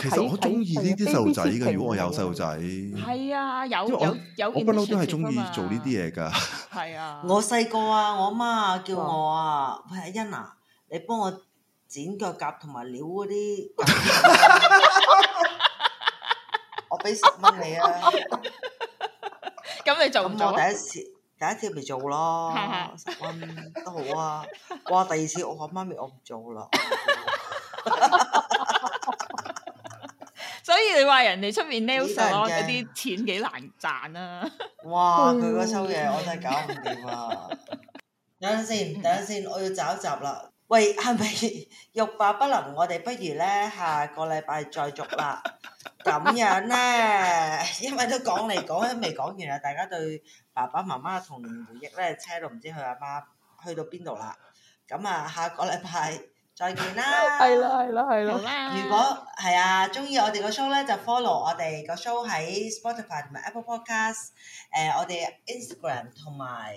其實我中意呢啲細路仔嘅，如果我有細路仔，係啊，有有有，我不嬲都係中意做呢啲嘢㗎。係啊，我細個啊，我媽啊，叫我啊，阿欣啊。你幫我剪腳甲同埋料嗰啲， 我俾十蚊你啊！咁 你做唔做、 嗯、我第一次，第一次咪做咯， 十蚊都好啊！哇，第二次我話媽咪我唔做啦，做 所以你話人哋出面 nail shop 啲錢幾難賺啊！哇， 佢嗰抽嘢我真係搞唔掂啊！等下先，等下先，我要找集啦。喂，係咪欲罷不能？我哋不如咧下個禮拜再續啦，咁樣咧，因為都講嚟講都未講完啦，大家對爸爸媽媽嘅童年回憶咧，車到唔知佢阿媽去到邊度啦。咁啊，下個禮拜再見啦。係啦，係啦，係啦。如果係啊，中意我哋個 show 咧，就 follow 我哋個 show 喺 Spotify 同埋 Apple Podcast，誒、呃，我哋 Instagram 同埋。